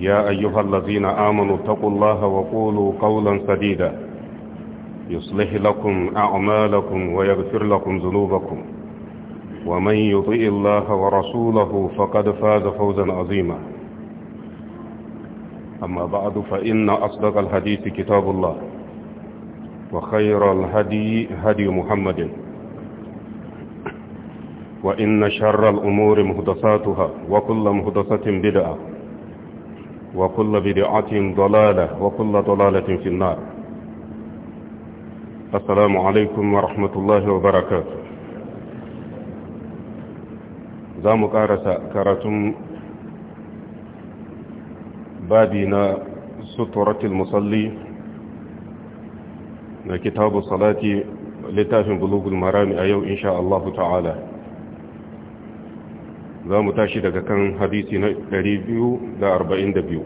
يا أيها الذين آمنوا اتقوا الله وقولوا قولا سديدا يصلح لكم أعمالكم ويغفر لكم ذنوبكم ومن يطئ الله ورسوله فقد فاز فوزا عظيما أما بعد فإن أصدق الحديث كتاب الله وخير الهدي هدي محمد وإن شر الأمور مهدساتها وكل مهدسة بدأة وكل بدعة ضلالة وكل ضلالة في النار السلام عليكم ورحمة الله وبركاته زام كارسة كارتم بابنا سترة المصلي كتاب الصلاة لتافن بلوغ المرام أيو إن شاء الله تعالى za mu tashi daga kan hadisi na 242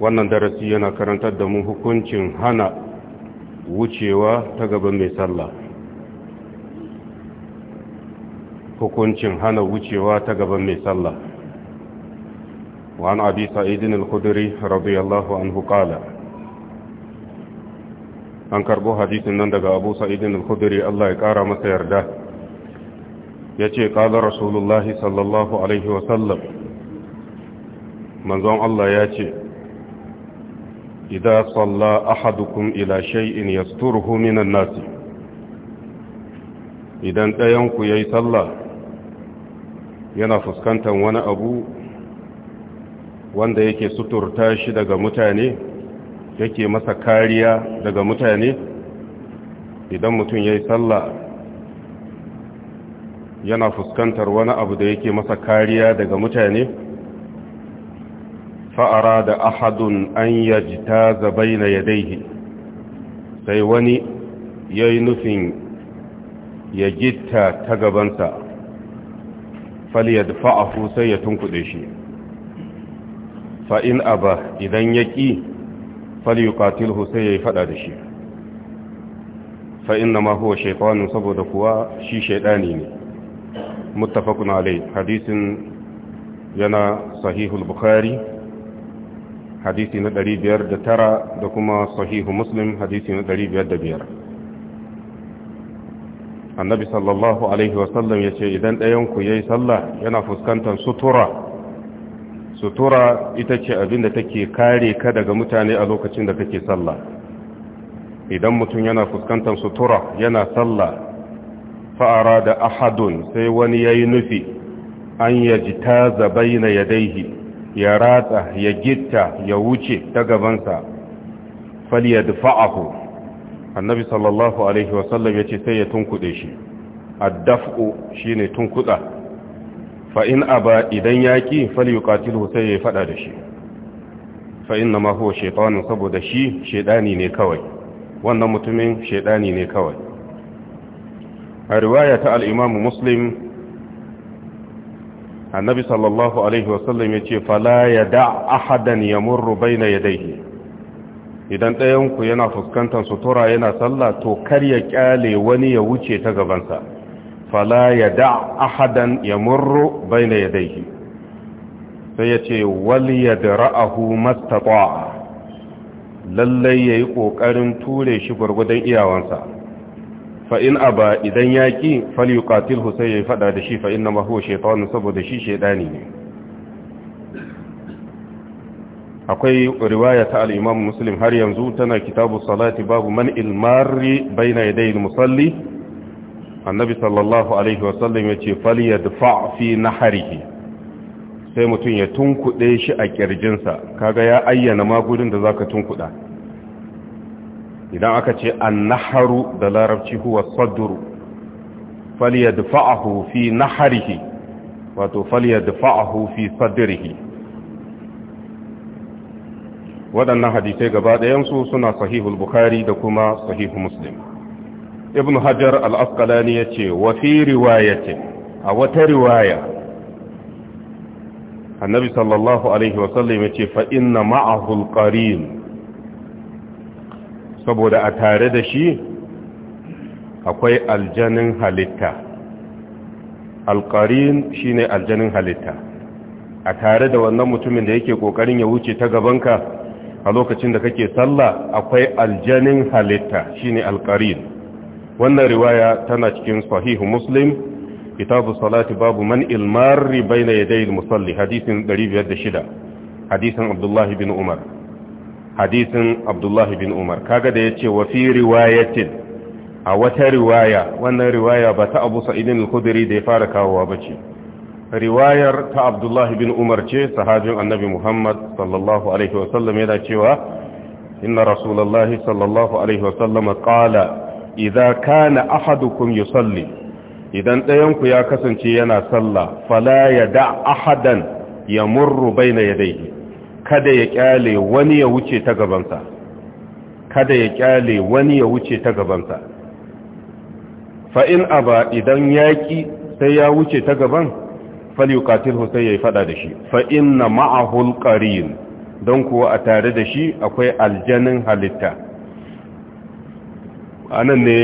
wannan darasi yana karantar da mu hukuncin hana wucewa ta gaban mai sallah hukuncin hana wucewa ta gaban mai sallah وعن أبي سعيد الخدري رضي الله عنه قال an karbo hadisin nan daga abu sa'idin al-khudri Allah ya kara masa yarda ya ce ƙala rasulullahi sallallahu alaihi wasallam manzon Allah ya ce idan salla ahadukum ila shay'in yasturuhu minan nasi idan ɗayanku ya yi sallah yana fuskantar wani abu wanda yake suturta shi daga mutane yake masa kariya daga mutane idan mutum ya yi sallah yana fuskantar wani abu da yake masa kariya daga mutane fa'ara da ahadun an yaji ta zabai na yadaihi sai wani ya yi nufin ya gitta ta gabansa faliyar fa'afu sai ya tunkuɗe shi fa'in aba idan ya ƙi faliyukatilhu sai ya yi faɗa da shi fa'in na mahuwa shaifanin saboda kuwa shi shaiɗani ne muttafaqun alayh hadisin yana sahihul bukhari hadisi na ɗari biyar da tara da kuma sahihu muslim hadisi na ɗari biyar da biyar. annabi sallallahu alaihi wasallam ya ce idan ɗayanku ya yi sallah yana fuskantar sutura sutura ita ce abinda take kare ka daga mutane a lokacin da kake sallah idan mutum yana fuskantar sutura yana sallah fa'ara da ahadun sai wani ya yi nufi an ya ji ta zabai na daihi, ya ratsa ya gitta ya wuce ta gabansa ya da fa'ahu annabi sallallahu alaihi wasallam ya ce sai ya tunkuɗe shi addaf'u shi ne tunkuɗa fa'in ba idan yaƙi Fali ƙatilu sai ya faɗa da shi fa'in na maho shaitanin saboda shi shaidani ne kawai wannan mutumin shaidani ne kawai a riwaya ta al'imamu muslim annabi sallallahu ya ce fala ya da ahadan ya ya idan ɗayanku yana fuskantar sutura yana sallah to kar ya kyale wani ya wuce ta gabansa fala ya da ahadan ya murru baina ya daihi sai ya ce wal ya da ra'ahu mastata lallai ya yi ƙoƙarin ture shi gwargwadon iyawansa fa in aba idan yaki falyuqatilhu sai ya faɗa da shi fa na ma huwa saboda shi shaydani ne akwai riwaya ta alimam musulun har yanzu tana kitabu salati babu man ilmari baina yadayil musalli annabi sallallahu alaihi wasallam ya falyadfa fi naharihi sai mutum ya tunkuɗe shi a ƙirjinsa kaga ya ayyana magudin da za ka tunkuɗa idan aka ce annaharu da larabci huwa sadru falyadfa'ahu fi naharihi wato falyadfa'ahu fi sadrihi waɗannan hadisai gaba ɗayansu suna sahihul bukhari da kuma sahihu muslim ibn hajar al-asqalani ce wafi fi riwayatin a wata riwaya annabi sallallahu alaihi wasallam yace ce, inna ma'ahu al-qarin saboda a tare da shi akwai aljanin halitta shi ne aljanin halitta a tare da wannan mutumin da yake ƙoƙarin ya wuce ta gabanka a lokacin da kake sallah akwai aljanin halitta shine alƙarin wannan riwaya tana cikin sahihu muslim kitabu salati babu man ilmari bayna yadayil musalli hadisin 506 hadisin abdullahi bin umar hadisin abdullahi bin umar kaga da ya ce wa fi riwayatin a wata riwaya wannan riwaya ba ta abu sa'idin al-khudri da ya fara kawowa ba ce riwayar ta abdullahi bin umar ce sahabin annabi muhammad sallallahu alaihi wasallam yana cewa inna rasulullahi sallallahu alaihi wasallam qala idza kana ahadukum yusalli idan ɗayanku ya kasance yana sallah fala yada ahadan yamurru ya yadayhi kada ya kyale wani ya wuce ta gabansa kada ya kyale wani ya wuce ta gabansa fa'in aba idan yaƙi sai ya wuce ta gaban falyukatil sai ya fada da shi fa'in na ma'ahu alqarin don kuwa a tare da shi akwai aljanin halitta anan ne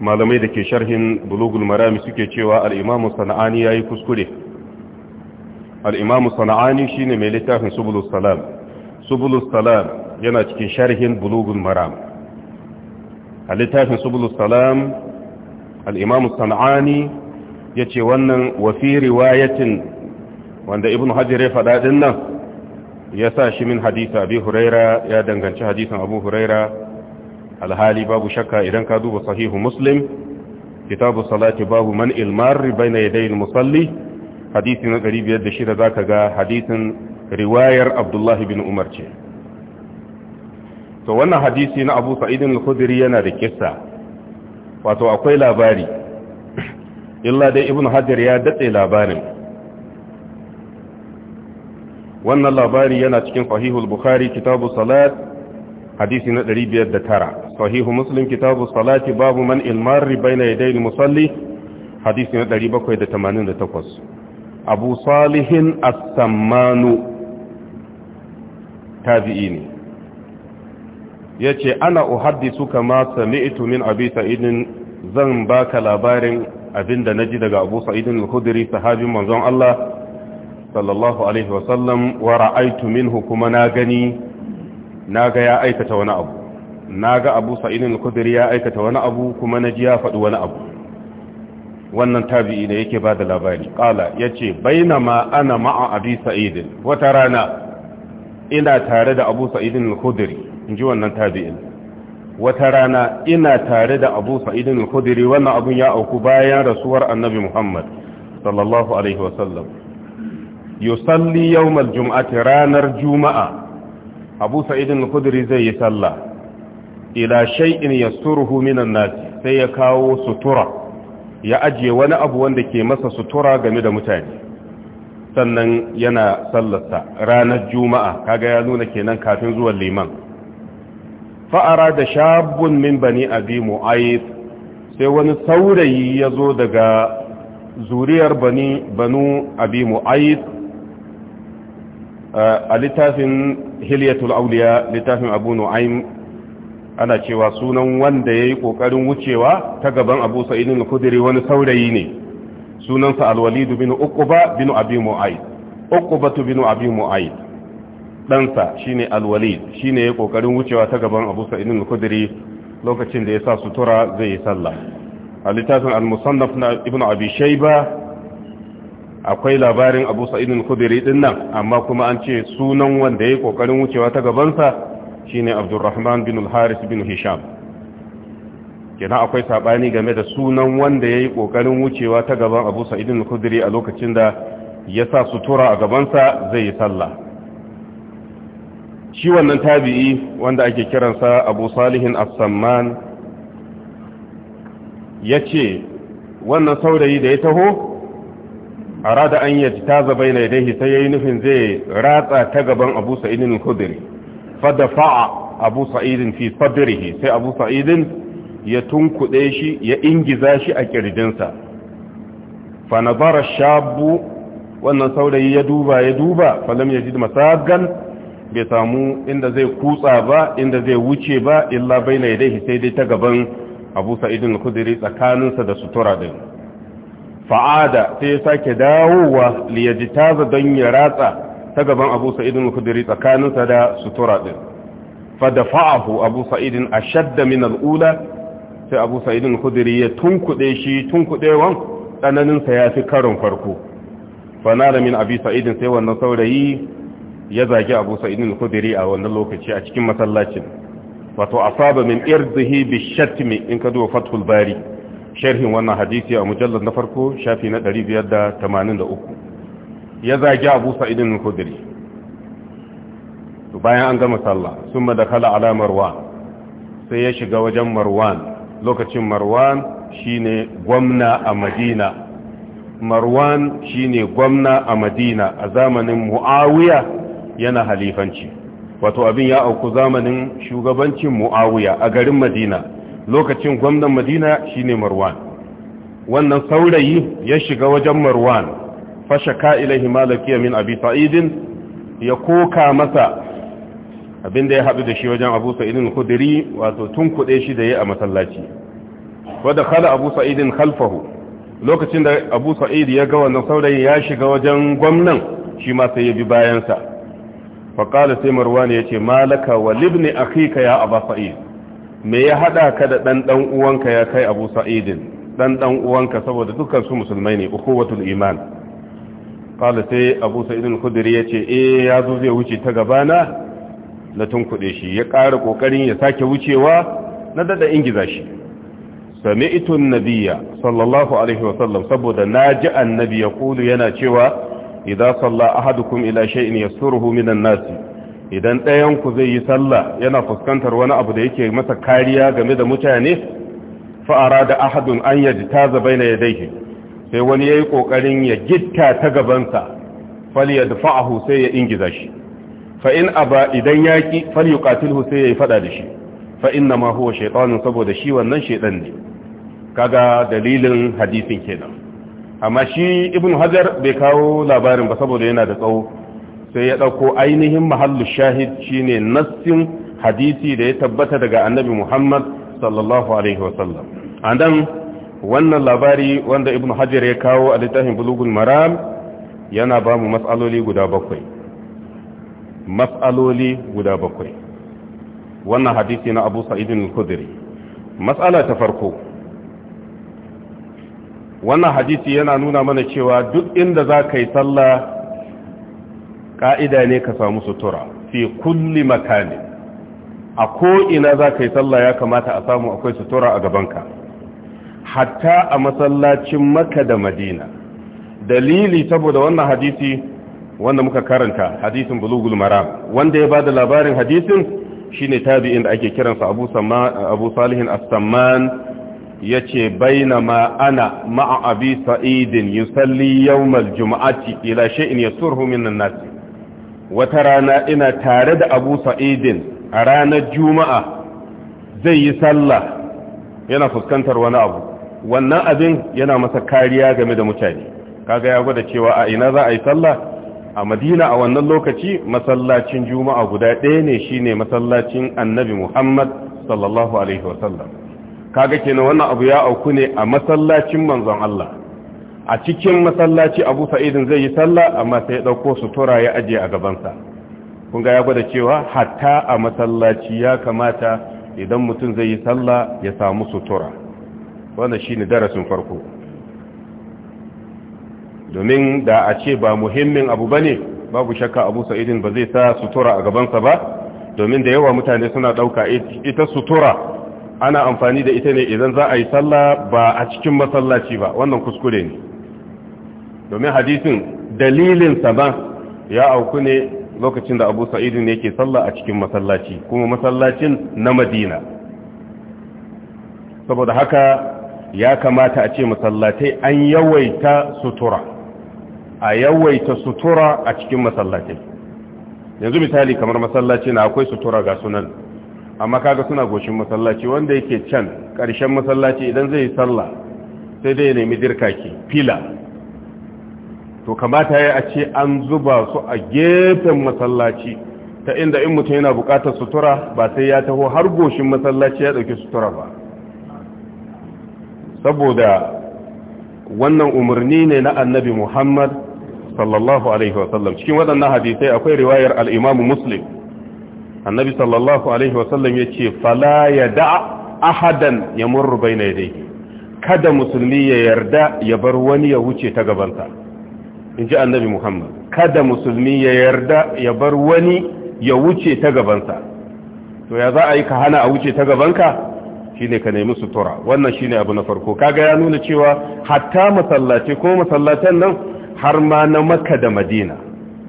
malamai da ke sharhin bulugul marami suke cewa al'imamu sana'ani ya yi kuskure al'imamu sana'ani shi ne mai littafin subulus salam subulus salam yana cikin sharhin bulugun maram a littafin subulus salam al'imamu sana'ani ya ce wannan wafi riwayatin wanda ibn hajjire faɗaɗin nan ya sa shi min hadisa abu huraira ya danganci hadisan abu huraira alhali babu shakka idan ka duba sahihu muslim kitabu salati babu man ilmar bai yadayin musalli hadisi na ɗari biyar da shida za ka ga hadisin riwayar Abdullahi bin Umar ce to wannan hadisi na Abu Sa'id al-Khudri yana da kissa wato akwai labari illa dai Ibn Hajar ya datse labarin wannan labari yana cikin sahihul bukhari kitabu salat hadisi na ɗari biyar da tara sahihu muslim kitabu salati babu man ilmarri bayna yadayil musalli hadisi na ɗari bakwai da da tamanin takwas. abu salihin as-sammanu tabi'i ne yace ana suka masa sami'tu min abi sa'idin zan baka labarin abinda ji daga abu sa'idin al-khudri sahabin manzon Allah sallallahu alaihi wasallam wa ra'aytu minhu kuma na gani na ga ya aikata wani abu na ga abu sa'idin al-khudri ya aikata wani abu kuma na ji ya faɗi wani abu wannan tabi'i ne yake bada labari qala yace bainama ana ma'a abi sa'id wata rana ina tare da abu sa'id al-khudri inji wannan tabi'in wata rana ina tare da abu sa'id al-khudri wannan abun ya auku bayan rasuwar annabi muhammad sallallahu alaihi wasallam yusalli yawm al-jum'ati ranar juma'a abu sa'id al-khudri zai yi sallah ila shay'in yasturuhu minan nas sai ya kawo sutura ya ajiye wani abu wanda ke masa sutura game da mutane sannan yana sallarsa ranar juma'a kaga ya nuna kenan kafin zuwan liman fa'ara da shabun min bani abi mu'ayyid sai wani saurayi ya zo daga zuriyar bani banu abi mu'ayyid eh, a littafin hilyatul auliya littafin abu nu'aym ana cewa sunan wanda ya yi ƙoƙarin wucewa ta gaban abu sa'idin al-kudiri wani saurayi ne sunansa alwalidu bin uquba bin abi mu'ayyid uqubatu bin abi mu'ayyid ɗansa shine alwalid shine ya ƙoƙarin wucewa ta gaban abu sa'idin al-kudiri lokacin da ya sa sutura zai yi sallah a littafin al-musannaf na ibnu abi shayba akwai labarin abu sa'idin al-kudiri din nan amma kuma an ce sunan wanda ya yi ƙoƙarin wucewa ta gabansa shine Abdurrahman bin al-Haris bin Hisham kenan akwai sabani game da sunan wanda yayi kokarin wucewa ta gaban Abu Sa'id al-Khudri a lokacin da ya sa sutura a gabansa zai yi sallah shi wannan tabi'i wanda ake kiransa Abu Salihin as-Samman yace wannan saurayi da ya taho arada an yi ta zaba na dai sai yi nufin zai ratsa ta gaban Abu sa'idin al fadafa'a abu sa'idin fi sadrihi sai abu sa'idin ya tunkuɗe shi ya ingiza shi a kirjinsa fa nazara shabu wannan saurayi ya duba ya duba falam ji masagan bai samu inda zai kutsa ba inda zai wuce ba illa baina yadayhi sai dai ta gaban abu sa'idin kudiri tsakaninsa da sutura din fa'ada sai ya sake dawowa liyajtaza don ya ratsa ta gaban abu sa'idin al-khudri tsakaninsa da sutura din fa fa'ahu abu sa'idin ashadda min sai abu sa'idin al ya tunkuɗe shi tunkuɗewan ɗananinsa ya yafi karin farko fa da min abu sa'idin sai wannan saurayi ya zagi abu sa'idin al a wannan lokaci a cikin masallacin wato asaba min irzihi bi shatmi in ka duba fathul bari sharhin wannan hadisi a mujallar na farko shafi na 583 ya zagi abu sa'idin al-khudri bayan an gama sallah sun kala ala marwan sai ya shiga wajen marwan lokacin marwan shine gwamna a madina marwan shine gwamna a madina a zamanin mu'awiya yana halifanci wato abin ya auku zamanin shugabancin mu'awiya a garin madina lokacin gwamnan madina shine marwan wannan saurayi ya shiga wajen marwan fashaka ilaihi malakiya min abi sa'idin ya koka masa abinda ya haɗu da shi wajen abu sa'idin kudiri wato tun kuɗe shi da ya a masallaci wadda kada abu sa'idin khalfahu lokacin da abu sa'id ya ga wannan saurayin ya shiga wajen gwamnan shi ma sai ya bi bayansa faƙala sai marwan ya ce malaka wa libni akika ya abu sa'id me ya haɗa ka da ɗan ɗan uwanka ya kai abu sa'idin ɗan ɗan uwanka saboda dukkan musulmai ne ukuwatul iman kala sai abu sa'idin kudiri ya ce eh ya zo zai wuce ta gabana na tunkuɗe shi ya ƙara ƙoƙarin ya sake wucewa na daɗa ingiza shi sami itun nabiya sallallahu alaihi wasallam saboda na ji annabi ya kulu yana cewa idan ahadu ahadukum ila shay'in yasturuhu minan nasi idan ɗayan ku zai yi sallah yana fuskantar wani abu da yake masa kariya game da mutane fa'ara da ahadun an yaji taza baina yadayhi sai wani ya yi ƙoƙarin ya gitta ta gabansa fal ya dafa'ahu sai ya ingiza shi fa'in aba idan ya ƙi fal yi ƙatilhu sai ya yi faɗa da shi fa'in na ma huwa shaiɗanin saboda shi wannan shaiɗan ne kaga dalilin hadisin kenan amma shi ibn hajar bai kawo labarin ba saboda yana da tsawo sai ya ɗauko ainihin mahallu shahid shine nassin hadisi da ya tabbata daga annabi muhammad sallallahu alaihi wasallam a nan wannan labari wanda ibn hajar ya kawo a littafin bulugun maram yana ba mu matsaloli guda bakwai matsaloli guda bakwai wannan hadisi na abu sa'idin al-khudri matsala ta farko wannan hadisi yana nuna mana cewa duk inda za ka yi sallah ƙa'ida ne ka samu sutura fi kulli makani a ko'ina za ka yi sallah ya kamata a samu akwai sutura a gabanka hatta a masallacin makka da madina dalili saboda wannan hadisi wanda muka karanta hadisin bulugul maram wanda ya bada labarin hadisin shine tabi'in da ake kiransa abu abu salihin as-samman yace bainama ana ma'a abi sa'idin yusalli yawmal jumu'ati ila shay'in yasurhu minan nas wata rana ina tare da abu sa'idin a ranar juma'a zai yi sallah yana fuskantar wani abu wannan abin yana masa kariya game da mutane kaga ya gwada cewa a ina za a yi sallah a madina a wannan lokaci masallacin juma'a guda ɗaya ne shine masallacin annabi muhammad sallallahu alaihi wasallam kaga kenan wannan abu ya auku ne a masallacin manzon allah a cikin masallaci abu sa'idin zai yi sallah amma sai ya ɗauko sutura ya ajiye a gabansa kun ga ya gwada cewa hatta a masallaci ya kamata idan mutum zai yi sallah ya samu sutura wannan shine darasin farko domin da a ce ba muhimmin abu bane babu shakka Abu Sa'idin ba zai sa sutura a gabansa ba domin da yawa mutane suna ɗauka ita sutura ana amfani da ita ne idan za a yi sallah ba a cikin masallaci ba wannan kuskure ne domin hadisin dalilin sa ya auku ne lokacin da Abu Sa'idin yake sallah a cikin masallaci kuma masallacin na Madina saboda haka ya kamata a ce masallatai an yawaita sutura a yawaita sutura a cikin masallatai yanzu misali kamar masallaci na akwai sutura ga sunan amma kaga suna goshin masallaci wanda yake can ƙarshen masallaci idan zai yi sallah sai dai nemi dirkaki fila to kamata ya a ce an zuba su a gefen masallaci ta inda in mutum yana bukatar sutura ba sai ya taho har goshin masallaci ya ɗauki sutura ba saboda wannan umarni ne na annabi muhammad sallallahu alaihi wasallam cikin waɗannan hadisai akwai riwayar al'imamu muslim annabi sallallahu alaihi wasallam ya ce fala ya da'a ahadan ya murru bai na yadda kada musulmi ya yarda ya bar wani ya wuce ta gabansa in ji annabi muhammad kada musulmi ya yarda ya bar wani ya wuce ta gabansa to ya za a yi ka hana a wuce ta gabanka shine ka nemi sutura wannan shine abu na farko kaga ya nuna cewa hatta masallaci ko masallatan nan har ma na makka da madina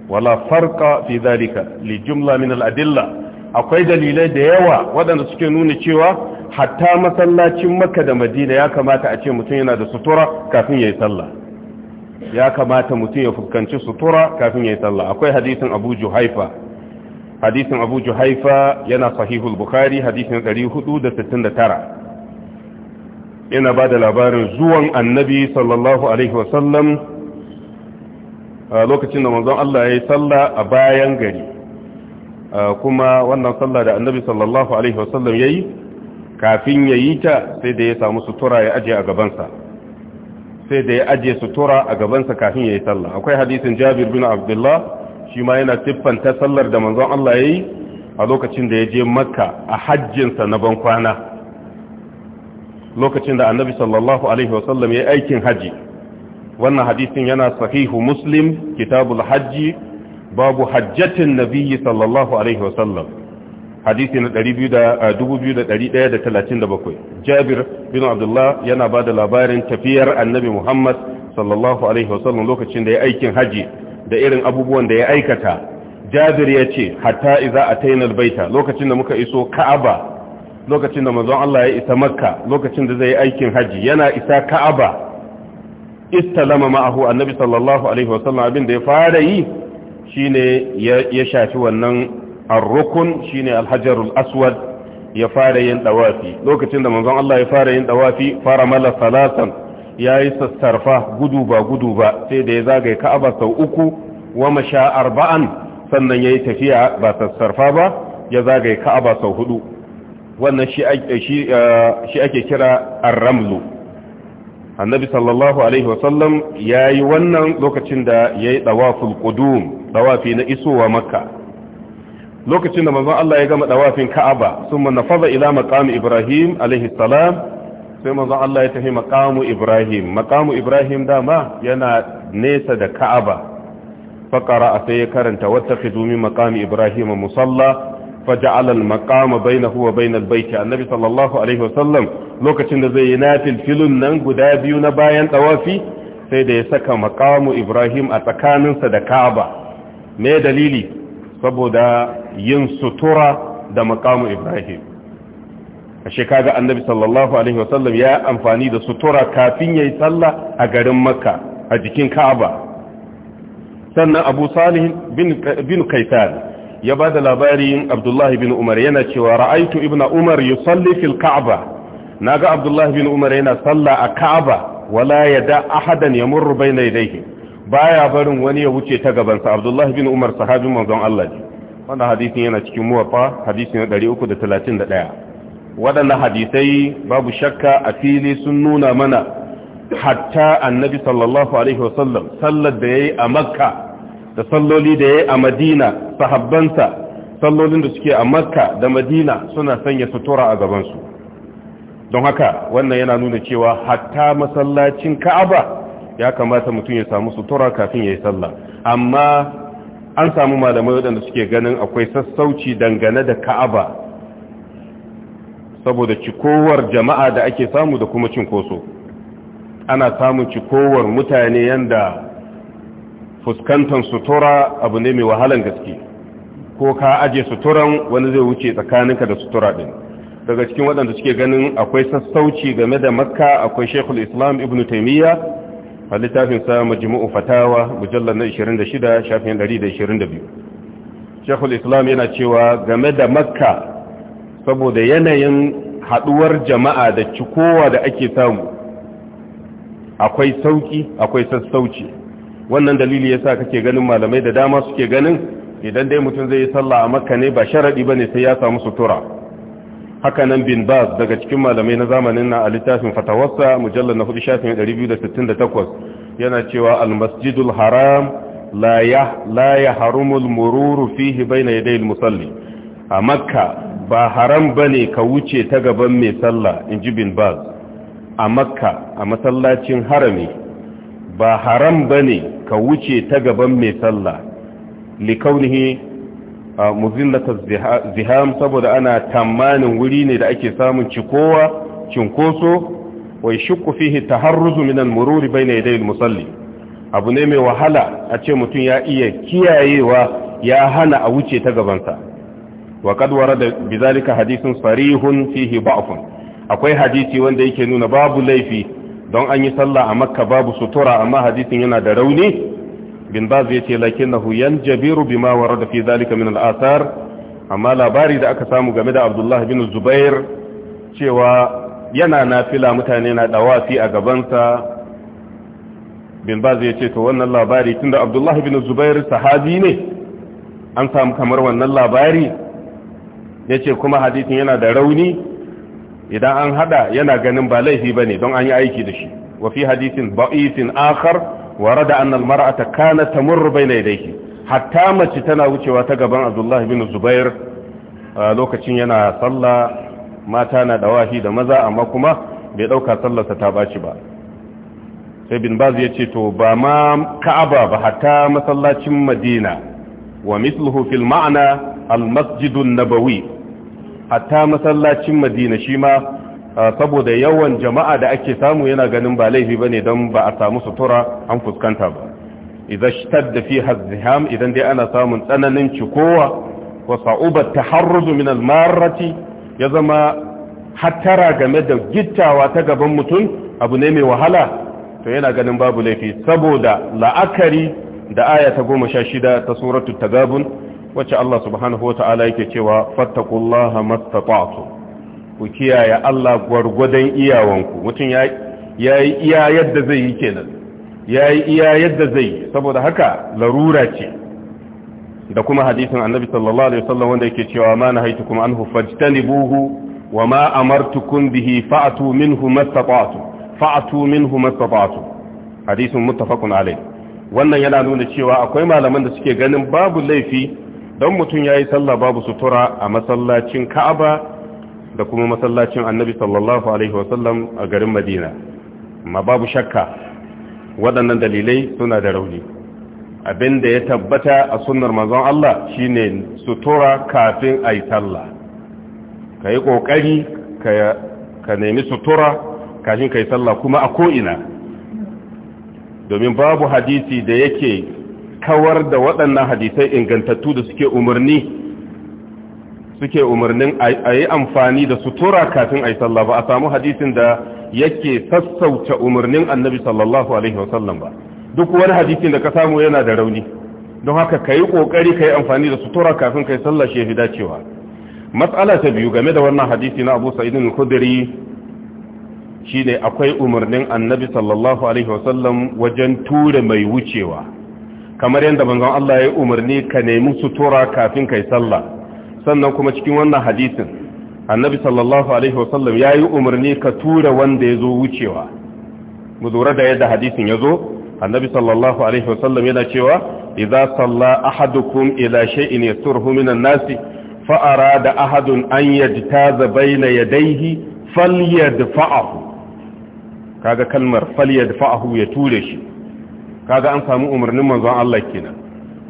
wala farqa fi zalika li jumla min al-adilla akwai dalilai da yawa waɗanda suke nuna cewa hatta masallacin makka da madina ya kamata a ce mutum yana da sutura kafin ya yi sallah ya kamata mutum ya fuskanci sutura kafin ya yi sallah akwai hadisin abu juhaifa hadisin abu juhaifa yana sahihul bukhari hadisin 469 yana ba da labarin zuwan annabi sallallahu alaihi wasallam lokacin da manzon Allah ya yi salla a bayan gari kuma wannan salla da annabi sallallahu alaihi wasallam ya yi kafin ya yi ta sai da ya samu sutura ya aje a gabansa sai da ya aje sutura a gabansa kafin ya yi salla akwai hadisin jabir bin abdullah shi ma yana siffanta sallar da manzon Allah ya yi a lokacin da ya je makka a hajjinsa na ban kwana lokacin da annabi sallallahu alaihi wasallam ya yi aikin hajji wannan hadisin yana sahihu muslim kitabul hajji babu hajjatin nabiyyi sallallahu alaihi wasallam hadisi na 2137 jabir bin abdullah yana ba da labarin tafiyar annabi muhammad sallallahu alaihi wasallam lokacin da ya aikin hajji. da irin abubuwan da ya aikata jabir ya ce hatta iza tainar baita. lokacin da muka iso ka'aba lokacin da manzon Allah ya isa makka lokacin da zai yi aikin haji yana isa ka'aba istalama ma'ahu annabi sallallahu alaihi wasallam abin da ya fara yi shine ya shafi wannan arukun, shine alhajarul aswad ya fara yin dawafi lokacin da manzon Allah ya fara yin dawafi fara mala salatan ya yi sassarfa gudu ba gudu ba sai da ya zagaye ka'aba sau uku wa masha arba'an sannan ya yi tafiya ba sassarfa ba ya zagaye ka'aba sau hudu wannan shi ake eh, kira arramlu annabi sallallahu alaihi wasallam ya yi wannan lokacin da ya yi ɗawaful ƙudum ɗawafi na isowa makka lokacin da manzon Allah ya gama ɗawafin ka'aba sun manafaza ila maƙami ibrahim alaihi salam sai manzon Allah ya tafi maqamu Ibrahim maqamu Ibrahim dama yana nesa da Ka'aba a sai ya karanta wattakhidhu min maqami Ibrahim musalla faj'ala al-maqama bainahu wa bainal bayt annabi sallallahu alaihi wasallam lokacin da zai yi nafil filun nan guda biyu na bayan tawafi sai da ya saka maqamu Ibrahim a tsakaninsa da Ka'aba me dalili saboda yin sutura da maqamu Ibrahim ashe kaga annabi sallallahu alaihi wasallam ya amfani da sutura kafin yayi sallah a garin makka a jikin ka'aba sannan abu salih bin kaitan ya bada labarin abdullahi bin umar yana cewa ra'aitu ibnu umar yusalli fil ka'aba naga abdullahi bin umar yana sallah a ka'aba wala yada ahadan yamurru bayna yadayhi baya barin wani ya wuce ta gabansa abdullahi bin umar sahabin manzon Allah ne wannan hadisin yana cikin muwaffa hadisi na 331 waɗannan hadisai babu shakka a fili sun nuna mana hatta annabi sallallahu alaihi wasallam sallar da yayi a makka da salloli da yayi a madina sahabbansa sallolin da suke a makka da madina suna sanya sutura a gabansu don haka wannan yana nuna cewa hatta masallacin ka'aba ya kamata mutum ya samu sutura kafin ya yi sallah amma an samu malamai waɗanda suke ganin akwai sassauci dangane da ka'aba saboda cikowar jama'a da ake samu da kuma cinkoso ana samun cikowar mutane yanda fuskantar sutura abu ne mai wahalan gaske ko ka aje suturan wani zai wuce tsakaninka da sutura din daga cikin waɗanda suke ganin akwai sassauci game da makka akwai shekul islam ibn taimiyya a littafinsa majimu'u fatawa mujallar na 26 shafin 122 shekul islam yana cewa game da makka saboda yanayin haduwar jama'a da cikowa da ake samu akwai sauki akwai sassauci wannan dalili yasa kake ganin malamai da dama suke ganin idan dai mutum zai yi sallah a makka ne ba sharadi bane sai ya samu sutura haka nan bin baz daga cikin malamai na zamanin na a littafin fatawarsa mujallar na hudu yana cewa almasjidul haram la ya harumul mururu fihi bayna yadayil musalli a makka ba haram ba ne ka wuce ta gaban mai sallah in ji bin baz a makka a masallacin harami ba haram ba ne ka wuce ta gaban mai sallah likaunihi a muzillatar ziham saboda ana tamanin wuri ne da ake samun cikowa cinkoso wai shukku fihi taharruzu minal mururi bayna yadayil musalli abu ne mai wahala a ce mutum ya iya kiyayewa ya hana a wuce ta gabansa wa qad warada bizalika hadithun sarihun fihi akwai hadisi wanda yake nuna babu laifi don an yi sallah a makka babu sutura amma hadisin yana da rauni bin baz yace lakinnahu yanjabiru bima warada fi zalika min al amma labari da aka samu game da Abdullah bin Zubair cewa yana nafila mutane na dawafi a gabansa bin ba zai ce to wannan labari tunda abdullahi bin zubair sahabi ne an samu kamar wannan labari ya ce kuma hadisin yana da rauni idan an hada yana ganin ba laifi bane don an yi aiki da shi wa fi hadisin da'ifin akhar warada anna almar'ata kanat tamurru bayna yadayhi hatta mace tana wucewa ta gaban Abdullah ibn Zubair lokacin yana sallah mata na dawahi da maza amma kuma bai dauka sallarsa ta baci ba sai bin baz ya ce to ba ma ka'aba ba hatta masallacin madina wa misluhu fil ma'ana al-masjidun nabawi hatta masallacin madina shi ma saboda yawan jama'a da ake samu yana ganin ba laifi ba ne don ba a samu sutura an fuskanta ba idan shtadda fi hazziham idan dai ana samun tsananin cikowa wa sa'ubat taharruz min al ya zama hattara game da gittawa ta gaban mutum abu ne mai wahala to yana ganin babu laifi saboda la'akari da aya ta 16 ta suratul tagabun wacce Allah subhanahu wa ta'ala yake cewa fattakullaha mastata'tu ku kiyaye Allah gwargwadon iyawanku mutum ya yi iya yadda zai yi kenan ya yi iya yadda zai saboda haka larura ce da kuma hadisin annabi sallallahu alaihi wasallam wanda yake cewa ma nahaytukum anhu fajtanibuhu wa ma amartukum bihi fa'tu minhu mastata'tu fa'tu minhu mastata'tu hadisin muttafaqun alaihi wannan yana nuna cewa akwai malaman da suke ganin babu laifi don mutum ya yi sallah babu sutura a masallacin ka'aba da kuma masallacin annabi sallallahu alaihi wasallam a garin madina ma babu shakka waɗannan dalilai suna da rauni abin da ya tabbata a sunar manzon Allah shine sutura kafin a yi sallah ka yi ƙoƙari ka nemi sutura kafin ka yi sallah kuma a ko'ina domin babu hadisi da yake kawar da waɗannan hadisai ingantattu da suke umarni suke umarnin a yi amfani da sutura kafin a yi sallah ba a samu hadisin da yake sassauta umarnin annabi sallallahu alaihi wasallam ba duk wani hadisin da ka samu yana da rauni don haka ka yi ƙoƙari ka yi amfani da sutura kafin ka yi sallah shi ya fi dacewa matsala ta biyu game da wannan hadisi na abu sa'idin kudiri shine akwai umarnin annabi sallallahu alaihi wasallam wajen ture mai wucewa kamar yadda manzon Allah ya umarni ka nemi sutura kafin kai sallah sannan kuma cikin wannan hadisin annabi sallallahu alaihi wasallam ya yi umarni ka tura wanda ya zo wucewa mu da yadda hadisin ya zo annabi sallallahu alaihi wasallam yana cewa idza salla ahadukum ila shay'in yasturhu minan nasi fa arada ahadun an yajtaza bayna yadayhi falyadfa'ahu kaga kalmar falyadfa'ahu ya ture shi kaga an samu umarnin manzon Allah kenan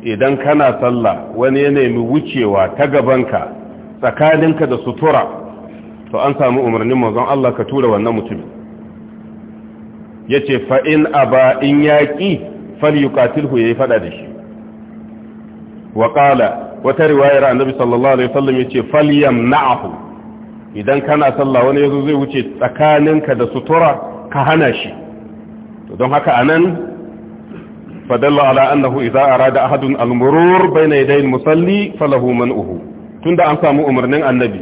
idan kana sallah wani ya nemi wucewa ta gabanka tsakaninka da sutura to an samu umarnin manzon Allah ka tura wannan mutumin yace fa in aba in yaqi falyuqatilhu yayi fada da shi wa qala wata riwayar annabi sallallahu alaihi wasallam yace falyamna'hu idan kana sallah wani yazo zai wuce tsakaninka da sutura ka hana shi to don haka anan فدل على أنه إذا أراد أحد المرور بين يدي المصلي فله منؤه تند أن سامو أمرنا النبي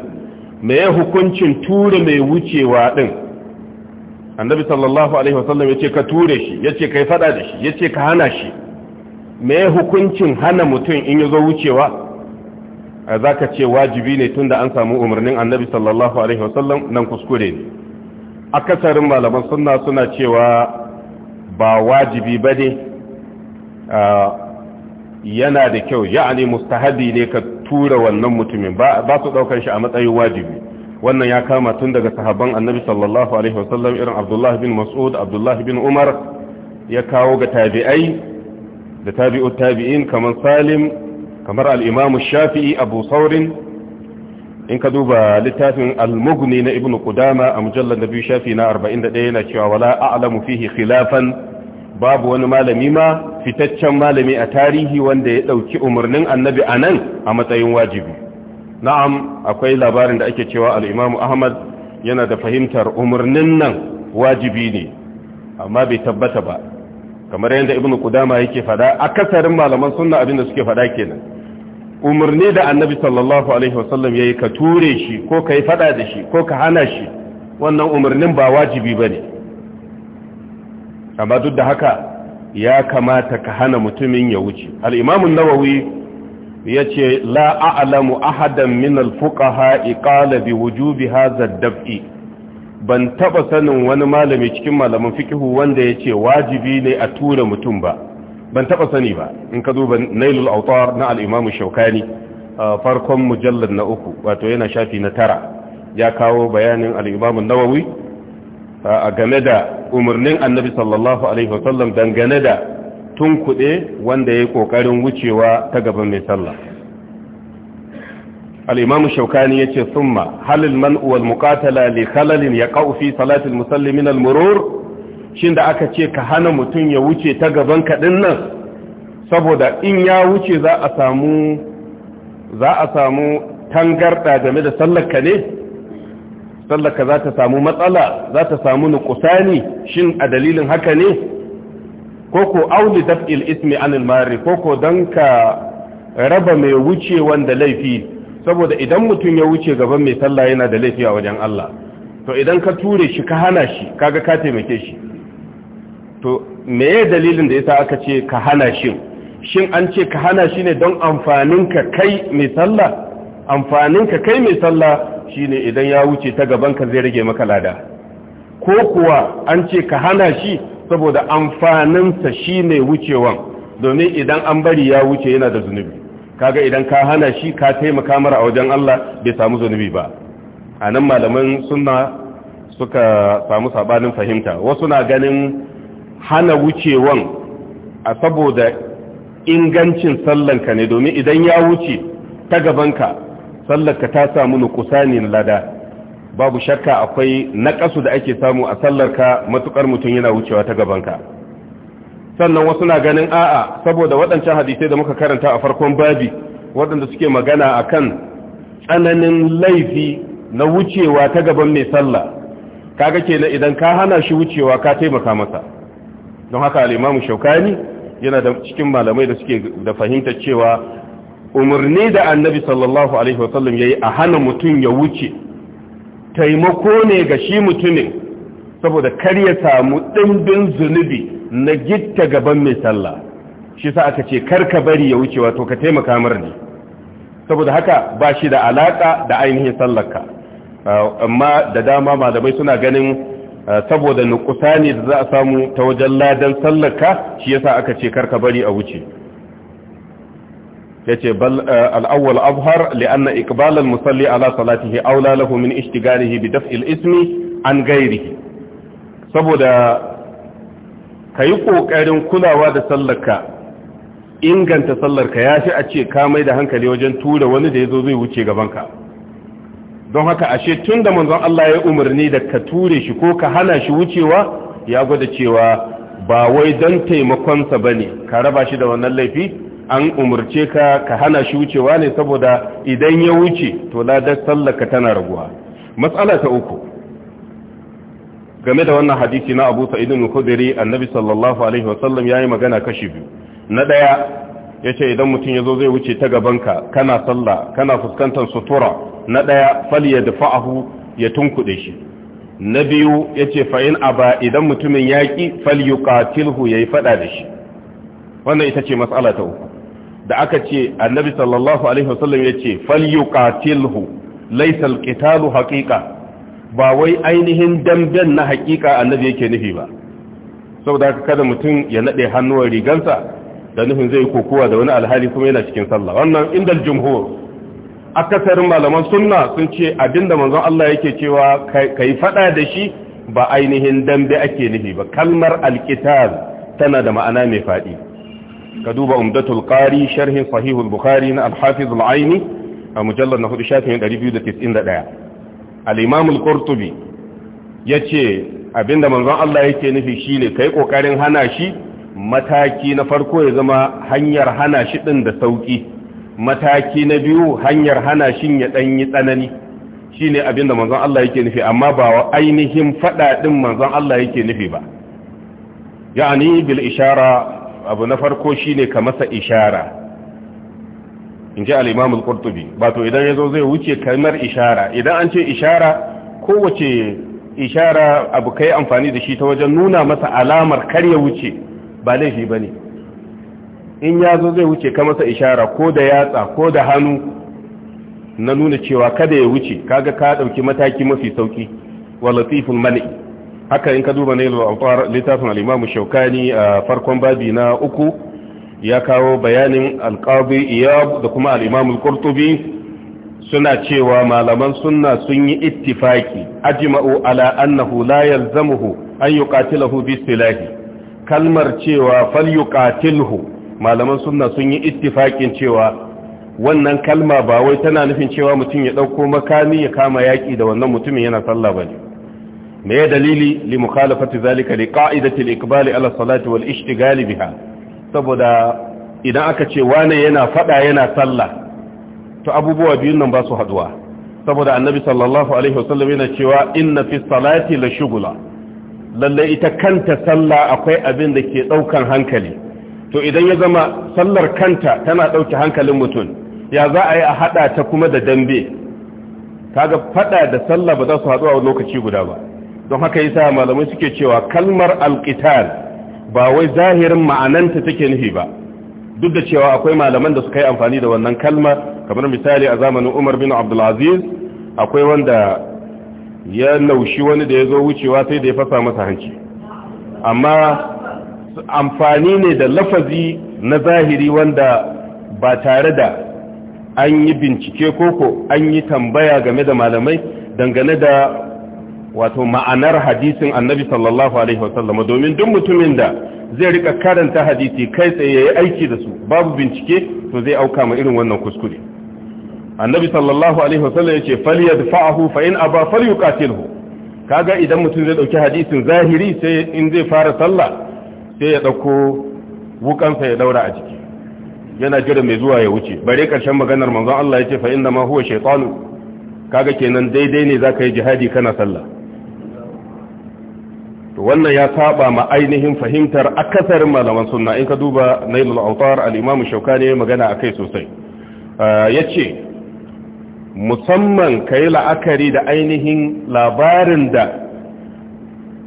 ما يهكون تور ما يوجي وادن النبي صلى الله عليه وسلم يتي كتورش يتي كيفدادش يتي كهانش ما يهكون هنا متين إن يزو وجيوا ذاك ce wajibi ne tunda an samu umarnin annabi sallallahu alaihi wasallam nan kuskure ne akasarin malaman sunna suna cewa ba wajibi bane yana da kyau ya'ani mustahadi ne ka tura wannan mutumin ba su ɗaukar shi a matsayin wajibi wannan ya kama tun daga sahabban annabi sallallahu alaihi wasallam irin abdullahi bin mas'ud abdullahi bin umar ya kawo ga tabi'ai da tabi'u tabi'in kamar salim kamar al-imamu shafi'i abu saurin in ka duba littafin al-mughni na ibnu qudama a mujallal nabi shafi na 41 yana cewa wala a'lamu fihi khilafan babu wani malami ma fitaccen malami a tarihi wanda ya ɗauki umarnin annabi a nan a matsayin wajibi na'am akwai labarin da ake cewa al'imamu ahmad yana da fahimtar umarnin nan wajibi ne amma bai tabbata ba kamar yadda ibn kudama yake fada akasarin malaman sunna abin da suke fada kenan umarni da annabi sallallahu alaihi wasallam yayi ka ture shi ko ka yi fada da shi ko ka hana shi wannan umarnin ba wajibi bane amma duk da haka ya kamata ka hana mutumin ya wuce al'imamun nawawi ya ce la'a'alamu ahadan min alfuqaha iqala bi wujubi hadha dab'i ban taba sanin wani malami cikin malaman fikihu wanda ya ce wajibi ne a tura mutum ba ban taba sani ba in ka duba nailul autar na al'imamu shaukani farkon mujallar na uku wato yana shafi na tara ya kawo bayanin al'imamun nawawi a game da umarnin annabi sallallahu alaihi wasallam dangane da tunkuɗe wanda ya yi ƙoƙarin wucewa ta gaban mai sallah al'imamu shaukani ya ce summa halil man'uwal mukatala li khalalin ya ƙa'ufi salatin musallimin al-murur shin da aka ce ka hana mutum ya wuce ta gaban kaɗin nan saboda in ya wuce za a samu za a samu tangarɗa game da sallar ka ne sallaka za ta samu matsala za ta samu nukusani shin a dalilin haka ne koko auli daf'il ismi anil mari koko don ka raba mai wuce wanda laifi saboda idan mutum ya wuce gaban mai sallah yana da laifi a wajen Allah to idan ka ture shi ka hana shi kaga ka taimake shi to meye dalilin da yasa aka ce ka hana shi shin an ce ka hana shi ne don amfanin ka kai mai sallah amfanin ka kai mai sallah shine idan ya wuce ta gaban ka zai rage maka lada ko kuwa an ce ka hana shi saboda amfaninsa shine wucewan domin idan an bari ya wuce yana da zunubi kaga idan ka hana shi ka taimaka mara a wajen Allah bai samu zunubi ba a nan malaman sunna suka samu sabanin fahimta wasu na ganin hana wucewan a saboda ingancin sallanka ne domin idan ya wuce ta gabanka sallarka ta samu na lada babu shakka akwai naƙasu da ake samu a sallarka matuƙar mutum yana wucewa ta gabanka sannan wasu na ganin a'a saboda waɗancan hadisai da muka karanta a farkon babi waɗanda suke magana a kan tsananin laifi na wucewa ta gaban mai sallah kaga na idan ka hana shi wucewa ka taimaka masa don haka alimamu Shaukani yana da cikin malamai da suke da fahimtar cewa umarni da annabi sallallahu alaihi wasallam yayi a hana mutum ya wuce taimako ne ga shi mutumin saboda kar ya samu ɗimbin zunubi na gitta gaban mai sallah shi sa aka ce kar ka bari ya wuce wato ka taimaka mar ne saboda haka ba shi da alaka da ainihin sallarka uh, amma da dama malamai suna ganin uh, saboda ne da za a samu ta wajen ladan sallarka shi yasa aka ce kar ka bari a wuce Ya ce eh, al-awwal azhar li'anna ikbalar musalli ala salatihi aula lahu min ishtighalihi bi daf'i al-ismi an ghairihi saboda kayi kokarin kulawa da sallarka inganta sallarka ya yafi a ce ka mai da hankali wajen tura wani da ya zo zai wuce gabanka don haka ashe tun da manzon Allah ya umarni da ka ture shi ko ka hana shi wucewa ya gwada cewa ba wai don taimakonsa bane ka raba shi da wannan laifi an umarce ka ka hana shi wucewa ne saboda idan ya wuce to ladar sallaka tana raguwa matsala ta uku game da wannan hadisi na Abu Sa'id al-Khudri annabi sallallahu alaihi wasallam yayi magana kashi biyu na daya yace idan mutum yazo zai wuce ta gabanka kana sallah kana fuskantar sutura na daya falyadfa'ahu ya tunkude shi na biyu yace fa in aba idan mutumin yaki falyuqatilhu yayi fada da shi wannan ita ce matsala ta uku da aka ce annabi sallallahu alaihi wasallam ya ce falyuqatilhu laysa alqitalu haqiqa ba wai ainihin damben na haqiqa annabi yake nufi ba saboda haka kada mutum ya nade hannuwar rigansa da nufin zai kokowa da wani alhali kuma yana cikin sallah wannan indal jumhur akasarin malaman sunna sun ce abinda manzon Allah yake cewa kai fada da shi ba ainihin dambe ake nufi ba kalmar alqital tana da ma'ana mai fadi ka duba umdatul qari sharhin sahihul bukhari na al-hafiz al-aini a mujallar na hudu shafin 291 al-imam al-qurtubi yace abinda manzon Allah yake nufi shine kai kokarin hana shi mataki na farko ya zama hanyar hana shi din da sauki mataki na biyu hanyar hana shi ya danyi tsanani shine abinda manzon Allah yake nufi amma ba ainihin fada din manzon Allah yake nufi ba yani bil ishara abu na farko shi ne ka masa ishara in ji al ƙurtubi ba to idan ya zo zai wuce kalmar ishara idan an ce ishara kowace ishara abu kai amfani da shi ta wajen nuna masa alamar kar wuce ba laifi ba ne in ya zo zai wuce ka masa ishara ko da yatsa ko da hannu na nuna cewa kada ya wuce kaga ka ɗauki mataki mafi sauki wa latiful mani haka in ka duba nailul alfar littafin al shaukani a farkon babi na uku ya kawo bayanin alqabi iyab da kuma al-imam al suna cewa malaman sunna sun yi ittifaki ajma'u ala annahu la yalzamuhu an yuqatilahu bi silahi kalmar cewa katilhu malaman sunna sun yi ittifakin cewa wannan kalma ba wai tana nufin cewa mutum ya ɗauko makami ya kama yaƙi da wannan mutumin yana sallah ne. me dalili li mukhalafati zalika li qa'idati al-iqbal ala salati saboda idan aka ce wane yana faɗa yana sallah to abubuwa biyun nan ba su haduwa saboda annabi sallallahu alaihi wasallam yana cewa inna fi salati da shugula lallai ita kanta sallah akwai abin da ke ɗaukan hankali to idan ya zama sallar kanta tana dauke hankalin mutum ya za a yi a haɗa ta kuma da dambe kaga faɗa da sallah ba za su haduwa lokaci guda ba don haka yi sa malamai suke cewa kalmar alkitar ba wai zahirin ma'ananta take nufi ba duk da cewa akwai malaman da suka yi amfani da wannan kalmar kamar misali a zamanin Umar bin Abdulaziz akwai wanda ya naushi wani da ya zo wucewa sai da ya fasa masa hanci amma amfani ne da lafazi na zahiri wanda ba tare da an yi bincike koko an yi tambaya game da malamai dangane da wato ma'anar hadisin annabi sallallahu alaihi wasallam domin duk mutumin da zai rika karanta hadisi kai tsaye yayi aiki da su babu bincike to zai auka ma irin wannan kuskure annabi sallallahu alaihi wasallam yace falyadfa'hu fa in aba falyuqatilhu kaga idan mutum zai dauki hadisin zahiri sai in zai fara sallah sai ya dauko wukansa ya daura a jiki yana jira mai zuwa ya wuce bare karshen maganar manzon Allah yace fa inna ma huwa shaytanu kaga kenan daidai ne zaka yi jihadi kana sallah to wannan ya saba ma ainihin fahimtar akasarin malaman sunna in ka duba nailul autar al-imam shaukani magana akai sosai ah, yace musamman kai la'akari da ainihin labarin da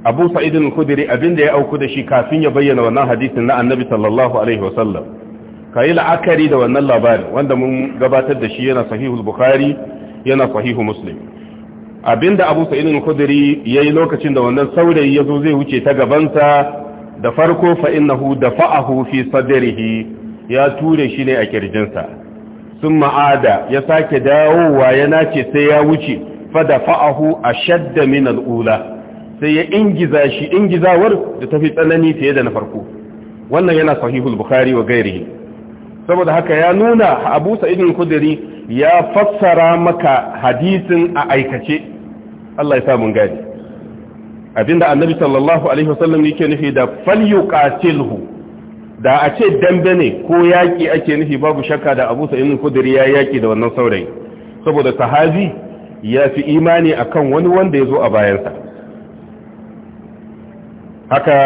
Abu Sa'id al-Khudri abinda ya auku da shi kafin ya bayyana wannan hadisin na Annabi sallallahu alaihi wasallam kai la'akari da wannan labarin wanda mun gabatar da shi yana sahihul Bukhari yana sahihu Muslim abinda abu sa'id al ya yayi lokacin da wannan saurayi ya zo zai wuce ta gabansa da farko fa da fa'ahu fi sadrihi ya ture shi ne a kirjinsa sun ma'ada ya sake dawowa ya nace sai ya wuce fa dafa'ahu ashadda min al sai ya ingiza shi ingizawar da tafi tsanani fiye da na farko wannan yana sahihul bukhari wa gairihi saboda haka ya nuna abu sa'id al ya fassara maka hadisin a aikace Allah ya sa mun gani abinda annabi sallallahu alaihi wasallam yake nufi da falyuqatilhu da a ce dambe ne ko yaki ake nufi babu shakka da Abu Sa'id al-Khudri ya yaki da wannan saurayi saboda sahabi ya fi imani akan wani wanda ya zo a bayansa haka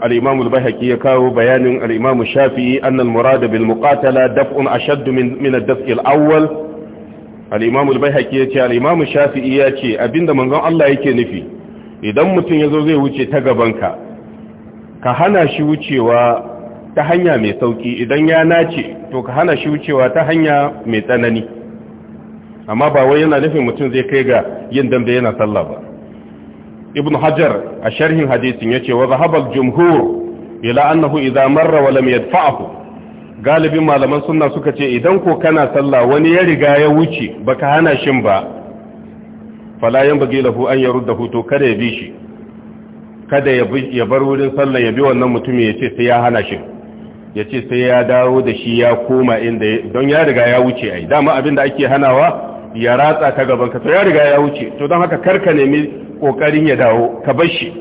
al-Imam al-Baihaqi ya kawo bayanin al-Imam Shafi'i annal murada bil muqatala daf'un ashaddu min min ad al-awwal al-imam ya ce yace shafi'i ya ce abinda manzon Allah yake nufi idan mutum ya zo zai wuce ta gabanka ka hana shi wucewa ta hanya mai sauki idan ya nace to ka hana shi wucewa ta hanya mai tsanani amma ba wai yana nufin mutum zai kai ga yin dambe yana sallah ba ibn hajar a sharhin hadisin ce wa zahabal jumhur ila annahu idza marra wa lam yadfa'ahu galibin malaman sunna suka ce idan ko kana sallah wani ya riga ya wuce baka hana shin ba fala bage lahu an hu to kada ya bi shi kada ya bar wurin sallah ya bi wannan mutumi ya ce sai ya hana shi ya ce sai ya dawo da shi ya koma inda don ya riga ya wuce ai dama abinda ake hanawa ya ratsa ta gaban ka to ya riga ya wuce to don haka karka nemi kokarin ya dawo ka bar shi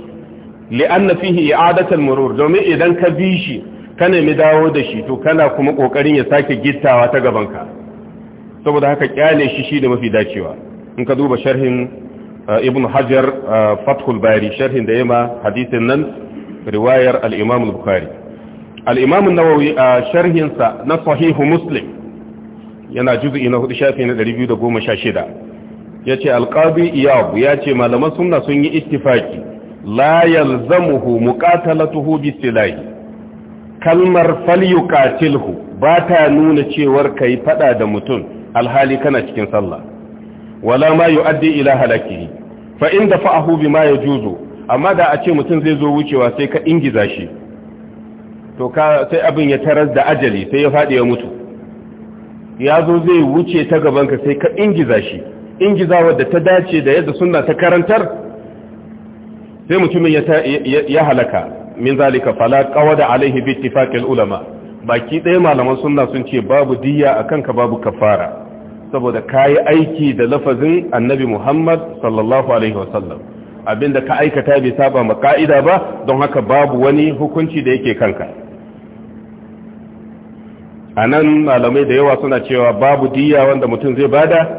li'anna fihi i'adatul murur domin idan ka bi shi ka nemi dawo da shi to kana kuma kokarin ya sake gittawa ta gabanka saboda haka kyale shi shi da mafi dacewa in ka duba sharhin uh, ibn hajar uh, fathul bari sharhin da yama hadisin nan riwayar al-imam al nawawi a sharhinsa sa na sahih muslim yana juz'i na 4 shafi na 216 yace al-qadi ya ce malaman sunna sun yi ittifaki la yalzamuhu muqatalatuhu bi silahi kalmar falyuqatilhu ba ta nuna cewar kai fada da mutum alhali kana cikin sallah wala ma yu'addi ila halakihi fa in dafa'ahu bima yajuzu amma da a ce mutum zai zo wucewa sai ka ingiza shi to ka sai abin ya taras da ajali sai ya fadi ya mutu ya zo zai wuce ta gaban ka sai ka ingiza shi ingizawa da ta dace da yadda sunna ta karantar sai mutumin ya halaka min zalika fala qawada alaihi bi ittifaqil ulama baki ɗaya malaman sunna sun ce babu diyya akan ka babu kafara saboda kayi aiki da lafazin annabi Muhammad sallallahu alaihi wasallam abinda ka aikata bai saba ma ka'ida ba don haka babu wani hukunci da yake kanka anan malamai da yawa suna cewa babu diyya wanda mutum zai bada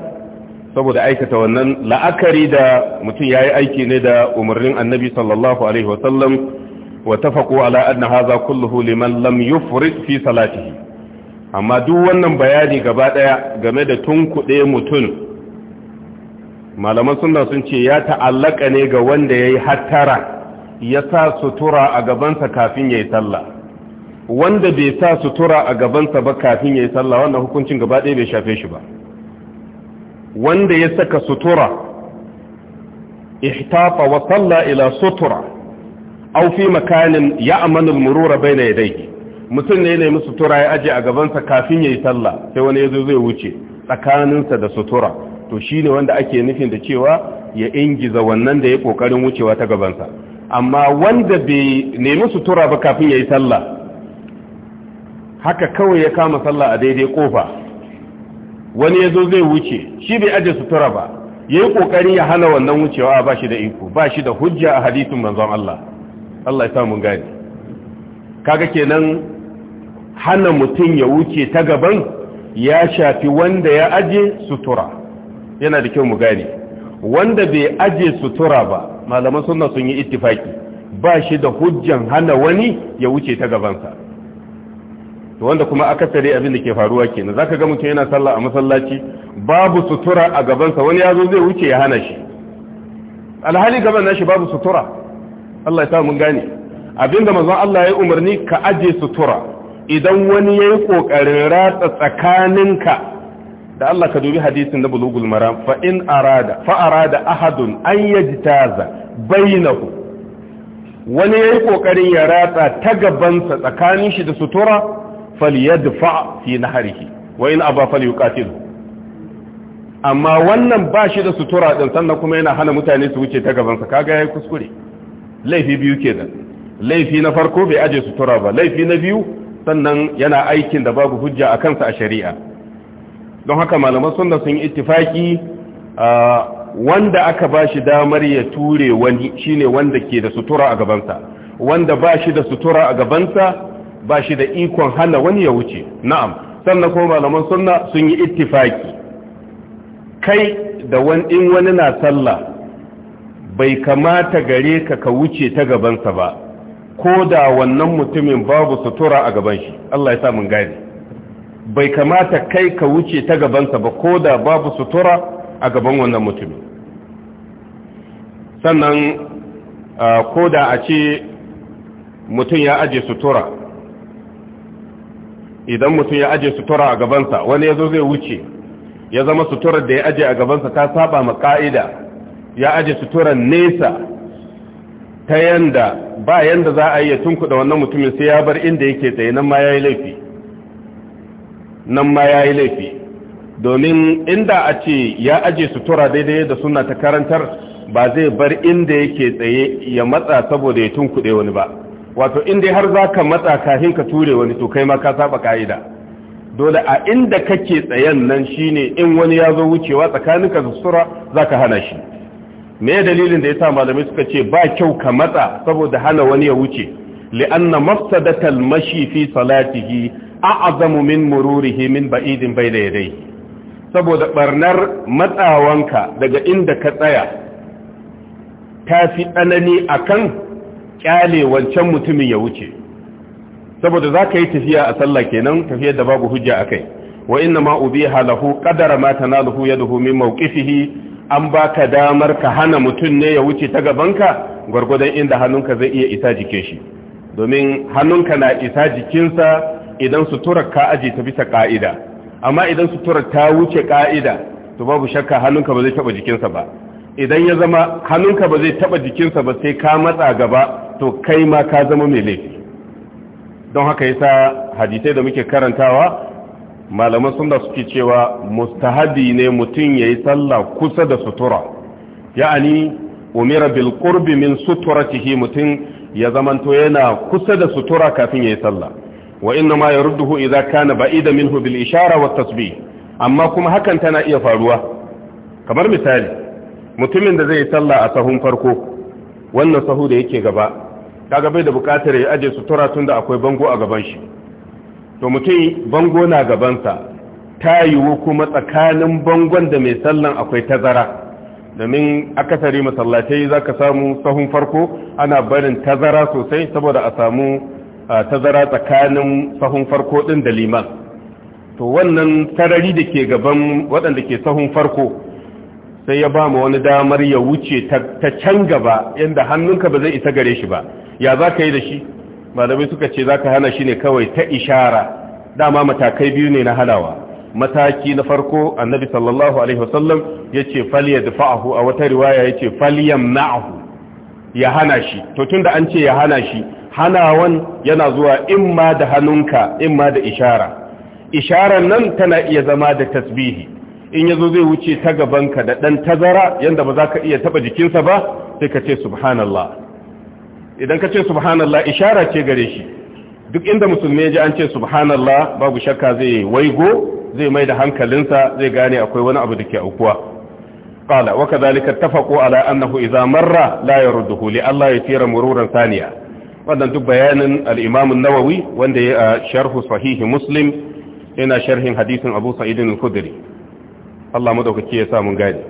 saboda aikata wannan la'akari da mutum yayi aiki ne da umarnin annabi sallallahu alaihi wasallam واتفقوا على أن هذا كله لمن لم يفرد في صلاته أما duk wannan bayani gaba daya game da tunkuɗe mutum malaman sunna sun ce ya ta'allaka ne ga wanda yayi hattara ya sa sutura a gabansa kafin yayi sallah wanda bai sa sutura a gabansa ba kafin yayi sallah wannan hukuncin gaba daya bai shafe shi ba wanda ya saka sutura ihtafa wa salla ila sutura aw fi makanin ya'manu al-murura bayna yadayhi mutum ne ne sutura ya aje a gabansa kafin yayi sallah sai wani yazo zai wuce tsakaninsa da sutura to shine wanda ake nufin da cewa ya ingiza wannan da ya kokarin wucewa ta gabansa amma wanda bai nemi sutura ba kafin yayi sallah haka kawai ya kama sallah a daidai kofa wani yazo zai wuce shi bai aje sutura ba yayi kokari ya hana wannan wucewa ba shi da iko ba shi da hujja a hadisin manzon Allah Allah ya sa mun gane kaga kenan hana mutum ya wuce ta gaban ya shafi wanda ya aje sutura yana da kyau mu gani wanda bai aje sutura ba malaman sunna sun yi ittifaki ba shi da hujjan hana wani ya wuce ta gabansa to wanda kuma akasari abin da ke faruwa kenan zaka ga mutum yana sallah a masallaci babu sutura a gabansa wani ya zo zai wuce ya hana shi alhali gaban nashi babu sutura Allah ya sa mun gane abinda manzon Allah ya umarni ka aje sutura idan wani yayi kokarin ratsa tsakaninka da Allah ka dubi hadisin da bulugul maram fa in arada fa arada ahadun an yajtaza bainahu wani yayi kokarin ya ratsa ta gabansa tsakanin shi da sutura falyadfa fi nahrihi wa in aba falyuqatilhu amma wannan ba shi da sutura din sannan kuma yana hana mutane su wuce ta gabansa kaga yayi kuskure laifi biyu kenan laifi na farko bai aje sutura ba laifi na biyu sannan yana aikin da babu hujja a kansa a shari'a don haka malaman sunna sun yi ittifaki wanda aka ba shi damar ya ture wani shine wanda ke da sutura a gabansa wanda ba shi da sutura a gabansa ba shi da ikon hana wani ya wuce na'am sannan kuma malaman sunna sun yi ittifaki kai da wani in wani na sallah bai kamata gare ka ka wuce ta gabansa ba ko da wannan mutumin babu sutura a gaban shi Allah ya sa mun gane bai kamata kai ka wuce ta gabansa ba ko da babu sutura a gaban wannan mutumin sannan ko da a ce mutum ya aje sutura idan mutum ya aje sutura a gabansa wani ya zo zai wuce ya zama suturar da ya aje a gabansa ta saba ma ka'ida ya aje suturan nesa ta yanda ba yanda za a yi tunku tunkuda wannan mutumin sai ya bar inda yake tsaye nan ma ya yi laifi nan ma ya yi laifi domin inda a ce ya aje sutura daidai da suna ta karantar ba zai bar inda yake tsaye ya matsa saboda ya tunkuɗe wani ba wato inda har za ka matsa kafin ka ture wani to kai ma ka saba ka'ida dole a inda kake tsayen nan shine in wani ya zo wucewa tsakaninka da sutura za ka hana shi me dalilin da yasa malami suka ce ba kyau ka matsa saboda hana wani ya wuce li'anna mafsadatal mashi fi salatihi a'zamu min mururihi min ba'idin bayda yadayhi saboda barnar matsawanka daga inda ka tsaya ta fi tsanani akan kyale wancan mutumin ya wuce saboda za yi tafiya a sallah kenan tafiyar da babu hujja akai wa inna ma ubiha lahu qadara ma tanaluhu yaduhu min mawqifihi an baka damar ka hana mutum ne ya wuce ta gabanka gwargwadon inda hannunka zai iya isa jikin shi domin hannunka na isa jikinsa idan suturar ka aji ta bisa ka'ida amma idan suturar ta wuce ka'ida to babu shakka hannunka ba zai taba jikinsa ba idan ya zama hannunka ba zai taba jikinsa ba sai ka matsa gaba to kai ma ka zama mai laifi don haka yasa hadisai da muke karantawa malaman sunna suke cewa mustahabi ne mutum yayi sallah kusa da sutura ya'ani umira bil qurbi min suturatihi mutum ya zamanto yana kusa da sutura kafin yayi sallah wa inna ma yarudduhu idza kana ba'ida minhu bil ishara wat tasbih amma kuma hakan tana iya faruwa kamar misali mutumin da zai yi sallah a sahun farko wannan sahu da yake gaba kaga bai da bukatar ya aje sutura tunda akwai bango a gaban shi to mutum bango na gabansa ta yiwu kuma tsakanin bangon da mai sallan akwai tazara domin akasari masallatai za ka samu sahun farko ana barin tazara sosai saboda a samu tazara tsakanin sahun farko din da liman to wannan sarari da ke gaban waɗanda ke sahun farko sai ya ba mu wani damar ya wuce ta can gaba yadda hannunka ba zai isa gare shi ba ya za ka yi da shi malamai suka ce za ka hana shi ne kawai ta ishara dama matakai biyu ne na halawa mataki na farko annabi sallallahu alaihi wasallam yace falyadfa'hu a wata riwaya ya ce, yace na'ahu ya hana shi to tunda an ce ya hana shi hanawan yana zuwa imma da hannunka imma da ishara isharar nan tana iya zama da tasbihi in yazo zai wuce ta gabanka da ɗan tazara yadda ba za ka iya taba jikinsa ba sai ka ce subhanallah idan ka ce subhanallah ishara ce gare shi duk inda musulmi ji an ce subhanallah babu shakka zai waigo zai mai da hankalinsa zai gane akwai wani abu da ke aukuwa qala wa kadhalika tafaqu ala annahu idza marra la yarudduhu li Allah yatira mururan saniya wannan duk bayanin al-Imam an-Nawawi wanda ya sharhu sahih Muslim yana sharhin hadisin Abu Sa'id al-Khudri Allah madaukake ya sa mun gane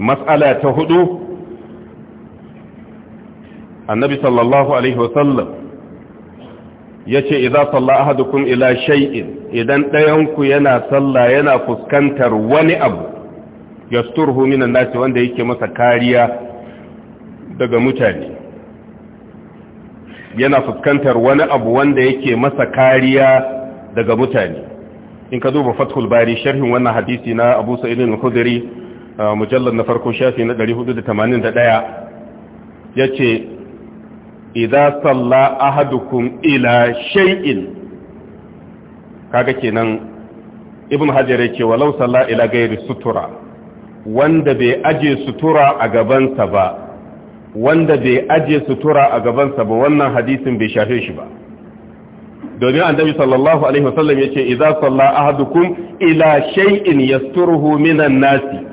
mas'ala ta hudu annabi sallallahu alaihi wasallam ya ce idan salla ahadukum ila shay'in idan ɗayanku yana salla yana fuskantar wani abu ya yasturhu minan nasi wanda yake masa kariya daga mutane yana fuskantar wani abu wanda yake masa kariya daga mutane in ka duba fathul bari sharhin wannan hadisi na abu sa'id al-khudri uh, mujallar na farko shafi na 481 ce. idza salla ahadukum ila shay'in kaga kenan ibn hajar yake walau salla ila gairi sutura wanda bai aje sutura a gabansa ba wanda bai aje sutura a gabansa ba wannan hadisin bai shafe shi ba domin annabi sallallahu alaihi wasallam yace idza salla ahadukum ila shay'in yasturuhu minan nasi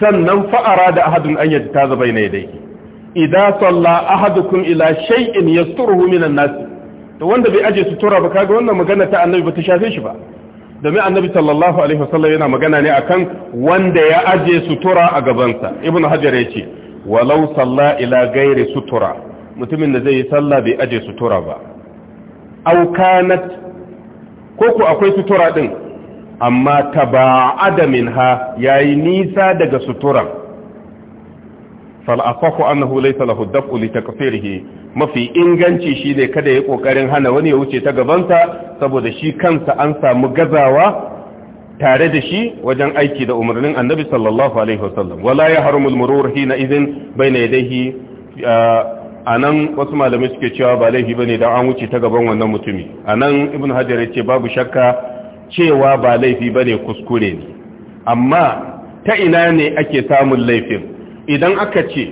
sannan fa arada ahadun an yataza bayna yadayhi idza salla ahadukum ila shay'in yasturuhu minan nas to wanda bai aje sutura ba kaga wannan magana ta annabi bata shafe shi ba domin annabi sallallahu alaihi wasallam yana magana ne akan wanda ya aje sutura a gabansa ibnu hajar yace walau salla ila ghairi sutura mutumin da zai yi sallah bai aje sutura ba aw kanat ko ku akwai sutura din amma taba'ada minha yayi nisa daga suturan fal'afaku annahu laysa lahu daf'u li mafi inganci shine kada ya kokarin hana wani ya wuce ta gabansa saboda shi kansa an samu gazawa tare da shi wajen aiki da umarnin annabi sallallahu alaihi wasallam wala ya harumul murur hina idin bayna yadayhi uh, anan wasu malamai suke cewa ba laifi bane da an wuce ta gaban wannan mutumi anan ibn hajar yace babu shakka cewa ba laifi bane kuskure amma ta ina ne ake samun laifin idan aka ce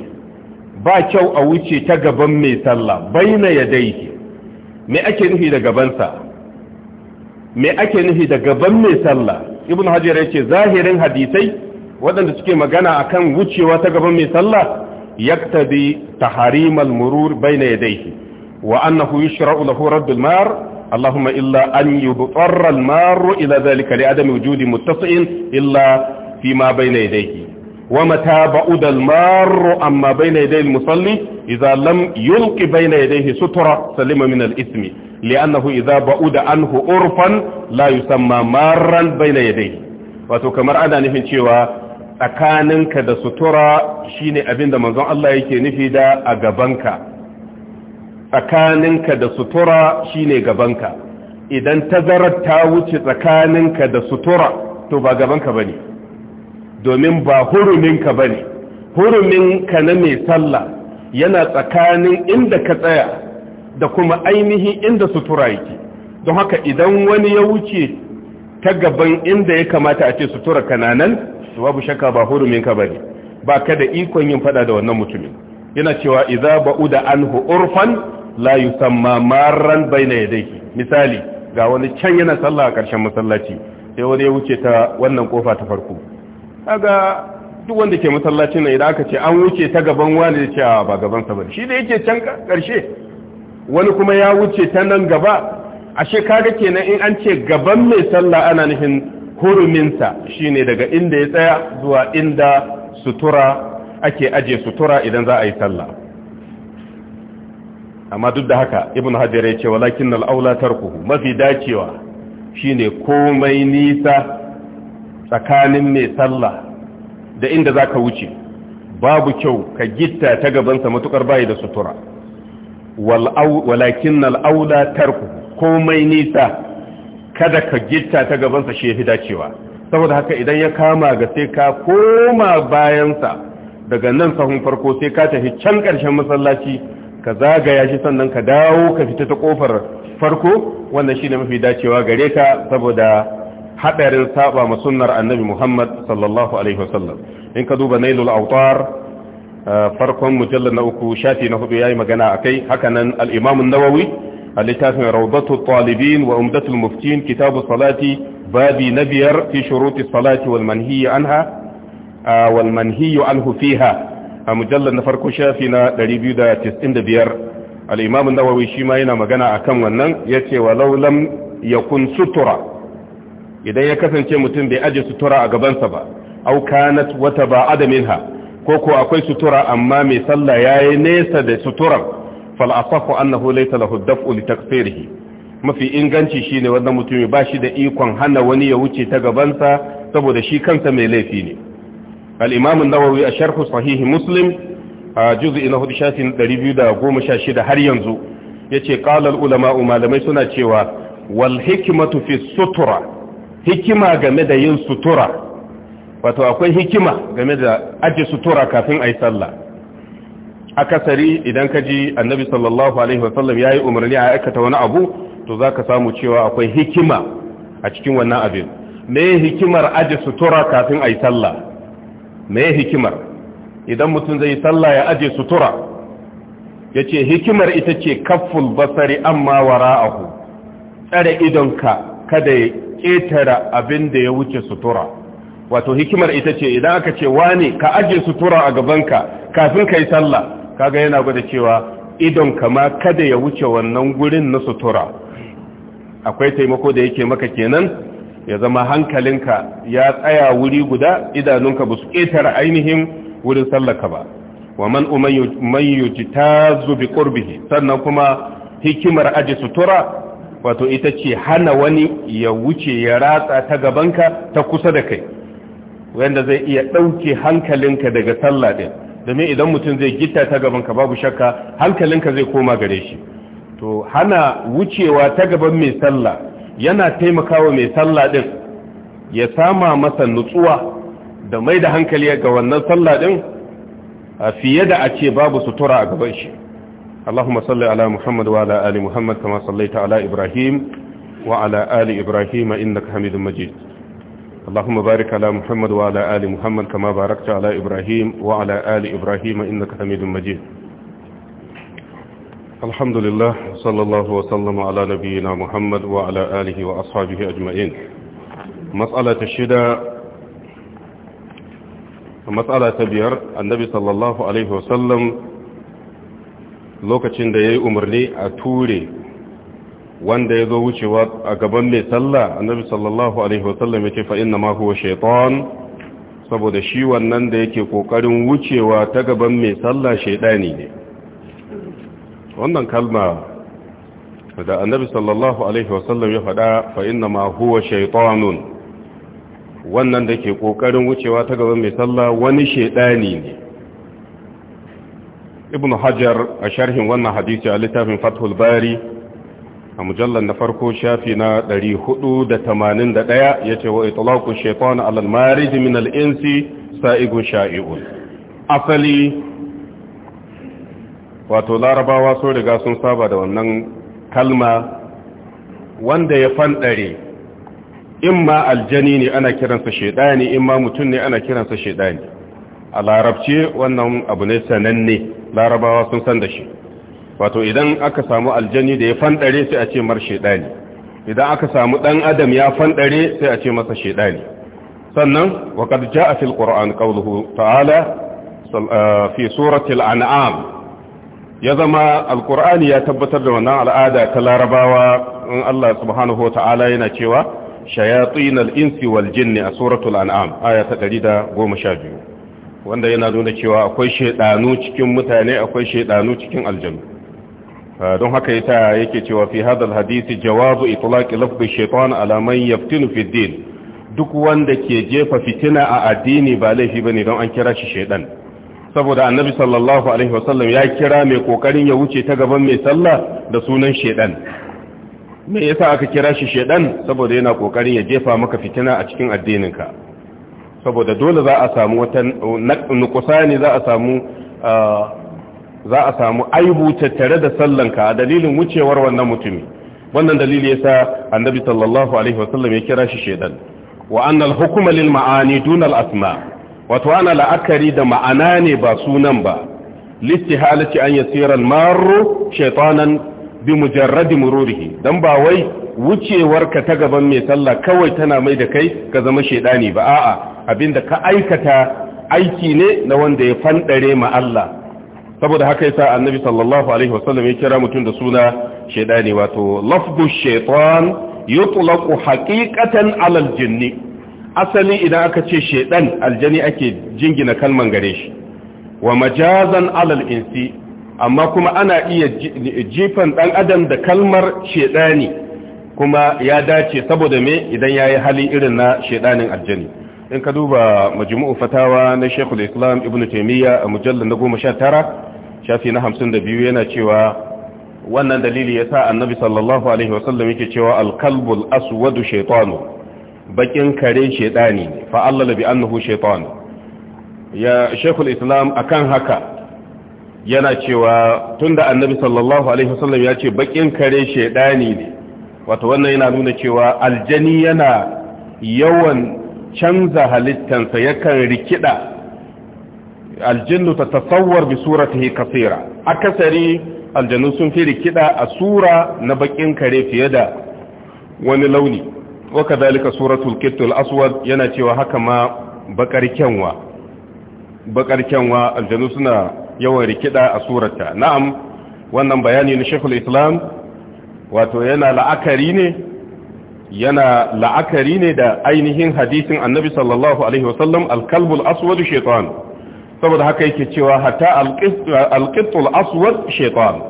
ba kyau a wuce ta gaban mai sallah baina ya daiki me ake nufi da gabansa me ake nufi da gaban mai sallah ibn hajar ya ce zahirin hadisai waɗanda suke magana a kan wucewa ta gaban mai sallah ta taharimal murur baina ya daiki wa annahu yushra'u lahu raddul mar اللهم إلا أن يضطر المار إلى ذلك لعدم وجود متسع إلا فيما بين يديه wa mata ba'ud al-marru amma bayna yadayhi al-musalli idza lam yulqi bayna yadayhi sutra salima min al-ismi li'annahu idza ba'uda anhu urfan la yusamma marran bayna yadayhi wato kamar ana nufin cewa tsakaninka da sutura shine abinda manzon Allah yake nufi da a gabanka tsakaninka da sutura shine gabanka idan tazarar ta wuce tsakaninka da sutura to ba gabanka bane domin ba huruminka ba ne huruminka na mai sallah yana tsakanin inda ka tsaya da kuma ainihi inda sutura yake don haka idan wani ya wuce ta gaban inda ya kamata a ce sutura kananan babu shakka ba huruminka ba ne ba ka da ikon yin fada da wannan mutumin yana cewa idza ba'uda anhu urfan la yusamma maran bayna yadayhi misali ga wani can yana sallah a ƙarshen masallaci sai wani ya wuce ta wannan kofa ta farko kaga duk wanda ke masallaci na idan aka ce an wuce ta gaban wani da cewa ba gaban sa shi da yake can karshe wani kuma ya wuce ta nan gaba ashe kaga kenan in an ce gaban mai sallah ana nufin huruminsa shine daga inda ya tsaya zuwa inda sutura ake aje sutura idan za a yi sallah amma duk da haka ibn hajar ya ce walakin al'aula tarkuhu mafi dacewa shine komai nisa tsakanin mai sallah da inda za ka wuce babu kyau ka gitta ta gabansa matukar bayi da sutura walakin al'aula tarku komai nisa kada ka gitta ta gabansa shi ya fi dacewa saboda haka idan ya kama ga sai ka koma bayansa daga nan sahun farko sai ka tafi can ƙarshen masallaci ka zagaya shi sannan ka dawo ka fita ta kofar farko wannan shi ne mafi dacewa gare ka saboda hadarin saba ma sunnar annabi Muhammad sallallahu alaihi wasallam in ka duba nailul autar uh, farkon mujallar na uku shafi na hudu yayi magana akai haka nan al-imam an-nawawi a littafin rawdatu talibin wa muftin kitabu salati babi na biyar fi shuruti salati wal anha uh, wal manhiyu anhu fiha a mujallar na farko shafi na 295 al-imam an-nawawi shi ma yana magana akan wannan yace walau lam yakun sutura idan ya kasance mutum bai aje sutura a gabansa ba auka kanat wata ba adaminha ko ko akwai sutura amma mai sallah yayi nesa da suturan fal asafu annahu laysa lahu daf'u li takfirihi mafi inganci shine wannan mutumi ba shi da ikon hana wani ya wuce ta gabansa saboda shi kansa mai laifi ne al-imam an-nawawi a sharh sahih muslim a juz'i na 216 har yanzu yace qala al-ulama malamai suna cewa wal hikmatu fi sutura hikima game da yin sutura wato akwai hikima game da aje sutura kafin a yi sallah akasari idan ka ji annabi sallallahu alaihi wasallam ya yi umarni a aikata wani abu to za ka samu cewa akwai hikima a cikin wannan abin me hikimar aje sutura kafin a yi sallah me hikimar idan mutum zai yi sallah ya ajiye sutura yace hikimar ita ce kafful basari amma wara'ahu tsare idonka kada ya ƙetare abin da ya wuce sutura wato hikimar ita ce idan aka ce wani ka ajiye sutura a gabanka kafin ka yi sallah kaga yana gwada cewa idon kama kada ya wuce wannan gurin na sutura akwai taimako da yake maka kenan ya zama hankalinka ya tsaya wuri guda idanunka ba su ƙetara ainihin wurin sallaka ba wa man umayyuji ta zubi ƙurbihi sannan kuma hikimar aji sutura wato ita ce hana wani ya wuce ya ratsa ta gabanka ta kusa da kai wanda zai iya ɗauke hankalinka daga sallah ɗin domin idan mutum zai gita ta gabanka babu shakka hankalinka zai koma gare shi to hana wucewa ta gaban mai sallah yana taimakawa mai sallah ɗin ya sama masa nutsuwa da mai da hankali ga wannan sallah ɗin fiye da a ce babu sutura a gaban shi اللهم صل على محمد وعلى آل محمد كما صليت على إبراهيم وعلى آل إبراهيم إنك حميد مجيد اللهم بارك على محمد وعلى آل محمد كما باركت على إبراهيم وعلى آل إبراهيم إنك حميد مجيد الحمد لله صلى الله وسلم على نبينا محمد وعلى آله وأصحابه أجمعين مسألة الشدة مسألة بيار النبي صلى الله عليه وسلم lokacin da ya yi umarni a ture wanda ya zo wucewa a gaban mai sallah annabi sallallahu alaihi wasallam ya ce fa inna ma huwa shaitan saboda shi wannan da yake kokarin wucewa ta gaban mai sallah shaidani ne wannan kalma da annabi sallallahu alaihi wasallam ya faɗa fa inna ma huwa shaitanun wannan da ke kokarin wucewa ta gaban mai sallah wani shaidani ne ibn hajar a sharhin wannan hadisi a littafin fathul bari a mujallar na farko shafi na 481 ya ce wa italaku shaitan alalmariji min al'insi sa'igun sha'i'un asali wato larabawa sun riga sun saba da wannan kalma wanda ya fanɗare imma aljani ne ana kiransa shaidani imma mutum ne ana kiransa shaidani a larabce wannan abu ne sananne larabawa sun san da shi wato idan aka samu aljani da ya fandare sai a ce mar shedani idan aka samu dan adam ya fandare sai a ce masa shedani sannan wa qad jaa fil qur'an qawluhu ta'ala ah, fi surati al'an'am anam ya zama alqur'ani ya tabbatar da wannan al'ada ta larabawa in Allah subhanahu ta'ala yana cewa shayatin al-insi wal jinni a suratul an'am aya ta 112 wanda yana nuna cewa akwai shaidanu cikin mutane akwai shaidanu cikin aljanu ah, don haka yata yake cewa fi hadal hadisi jawabu itlaqi lafzi shaitan ala man yaftinu fi din duk wanda ke jefa fitina a addini ba laifi bane don an kira shi shaidan saboda annabi sallallahu alaihi wasallam ya kira mai kokarin ya wuce ta gaban mai sallah da sunan shaidan me yasa aka kira shi shaidan saboda yana kokarin ya jefa maka fitina a cikin addininka saboda dole za a samu wata nukusani za a samu za a samu aibu tattare da sallanka a dalilin wucewar wannan mutumi wannan dalili yasa annabi sallallahu alaihi wasallam ya kira shi shedan wa annal hukuma lil ma'ani dun al asma wato ana la'akari da ma'ana ne ba sunan ba listihalati an yasira al marru shaytanan bi mujarradi mururihi dan ba wai wucewar ka ta gaban mai sallah kawai tana mai da kai ka zama shedani ba a'a abinda ka aikata aiki ne na wanda ya fandare ma Allah saboda haka yasa annabi sallallahu alaihi wasallam ya kira mutum da suna shedani wato lafdu shaytan yutlaqu haqiqatan ala aljinni asali idan aka ce shedan aljani ake jingina kalman gare shi wa majazan ala insi amma kuma ana iya jifan dan adam da kalmar shedani kuma ya dace saboda me idan yayi hali irin na shedanin aljani in ka duba majmu'u fatawa na Sheikhul Islam Ibn Taymiyyah a mujallar na tara, shafi na biyu yana cewa wannan dalili yasa annabi sallallahu alaihi wasallam yake cewa al-kalbul aswadu shaiɗanu bakin kare shedani ne fa bi annahu shaytanu ya Sheikhul Islam akan haka yana cewa tunda annabi sallallahu alaihi wasallam ya ce bakin kare shedani ne wato wannan yana nuna cewa aljani yana yawan canza halittansa yakan rikida aljinnu ta tasawwar bi suratihi kasira akasari aljanu sun fi rikida a sura na bakin kare fiye da wani launi wakadhalika suratul kittul aswad yana cewa haka ma bakar kyanwa bakar kyanwa aljanu suna yawan rikida a surarta na'am wannan bayani na shekul islam wato yana la'akari ne yana la'akari ne da ainihin hadisin annabi sallallahu alaihi wasallam alkalbul aswad shaitan saboda haka yake cewa hatta alqittul aswad shaitan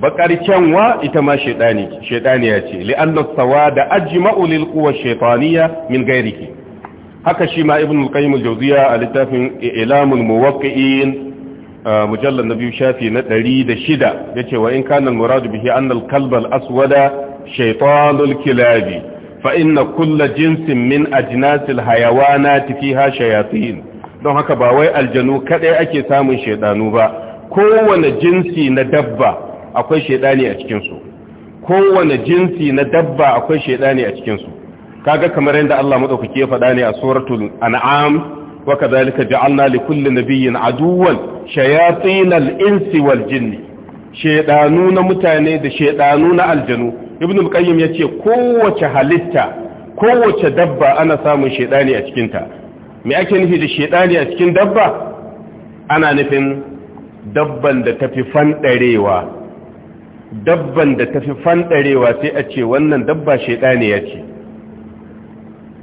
bakar canwa ita ma shaitani ya ce li'anna sawada ajma'u lil quwwa shaitaniyya min ghairihi haka shi ma ibn al-qayyim al-jawziya a littafin ilamul muwaqqi'in mujallar na biyu shafi na ɗari da shida ya ce wa in kanan muradu bihi annal kalbal aswada shaitanul kilabi fa inna kulla jinsin min ajnasil hayawanati fiha shayatin don haka ba wai aljanu kaɗai ake samun shaidanu ba kowane jinsi na dabba akwai shaidani a cikin su kowane jinsi na dabba akwai ne a cikin su kaga kamar yadda Allah madaukake ya faɗa ne a suratul an'am wa kadhalika ja'alna li kulli nabiyyin aduwwan shayatin al-insi wal jinni shedanu na mutane da shedanu na aljanu ibn al-qayyim yace kowace halitta kowace dabba ana samun ne a cikin ta me ake nufi da ne a cikin dabba ana nufin dabban da tafi fandarewa dabban da tafi fanɗarewa sai a ce wannan dabba ne ya ce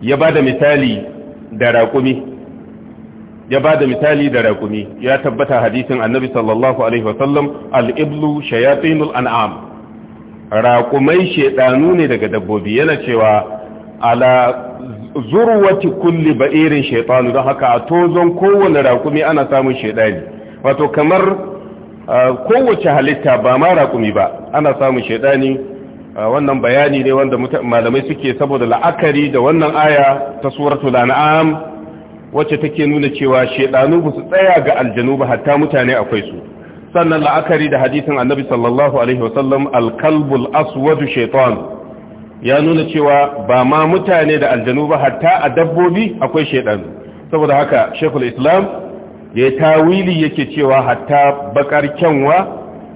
ya ba da misali da raƙumi ya ba da misali da raƙumi ya tabbata hadisin annabi sallallahu alaihi wasallam al'iblu shayatinul an'am raƙumai shaidanu ne daga dabbobi yana cewa ala zurwati kulli ba'irin shaitanu don haka a tozon kowane raƙumi ana samun shaidani wato kamar kowace halitta ba ma raƙumi ba ana samun shaidani wannan bayani ne wanda malamai suke saboda la'akari da wannan aya ta suratul an'am wacce take nuna cewa shedanu ba su tsaya ga aljanu ba hatta mutane akwai su sannan la'akari da hadisin annabi sallallahu alaihi wasallam alkalbul aswadu shaitan ya nuna cewa ba ma mutane da aljanu ba hatta a dabbobi akwai shaitan saboda haka shekul islam ya yi tawili yake cewa hatta bakar kyanwa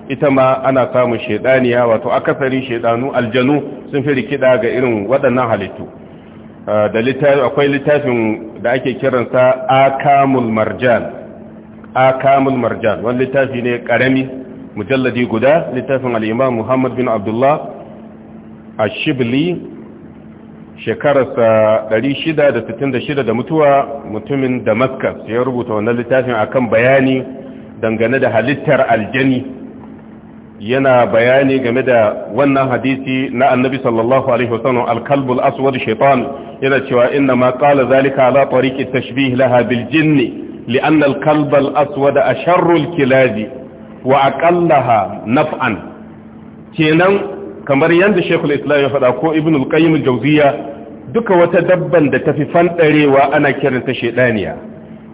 ita ma ana samun shaitaniya wato akasarin shaitanu aljanu sun fi rikida ga irin waɗannan halittu Ah, da akwai littafin da ake kiransa akamul marjan akamul marjan wani littafi ne karami mujalladi guda littafin al'imam muhammad bin abdullah a shibli shekararsa 666 da mutuwa mutumin damascus ya rubuta wannan littafin akan bayani dangane da halittar aljani yana bayani game da wannan hadisi na annabi sallallahu alaihi wasallam al aswad shaytan yana cewa inna ma qala zalika ala tariqi tashbih laha bil jinn لأن الكلب الأسود أشر wa وأقلها naf'an. kenan kamar yadda shekul islam ya faɗa ko ibn al-qayyim duka wata dabban da tafi fanɗarewa ana kiranta shedaniya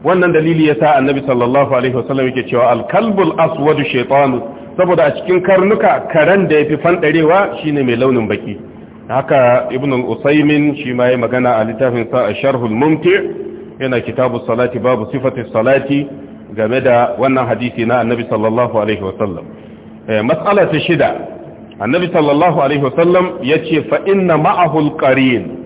wannan dalili yasa annabi sallallahu alaihi wasallam yake cewa alkalbul kalbul aswadu shaytanu saboda a cikin karnuka karen da ya fi fanɗarewa shine mai launin baki haka ibn al-usaymin shi ma ya magana a littafin sa a sharhul mumti yana kitabu salati babu sifati salati game da wannan hadisi na annabi sallallahu alaihi wasallam eh, mas'ala ta shida annabi sallallahu alaihi wasallam yace fa inna ma'ahu qarin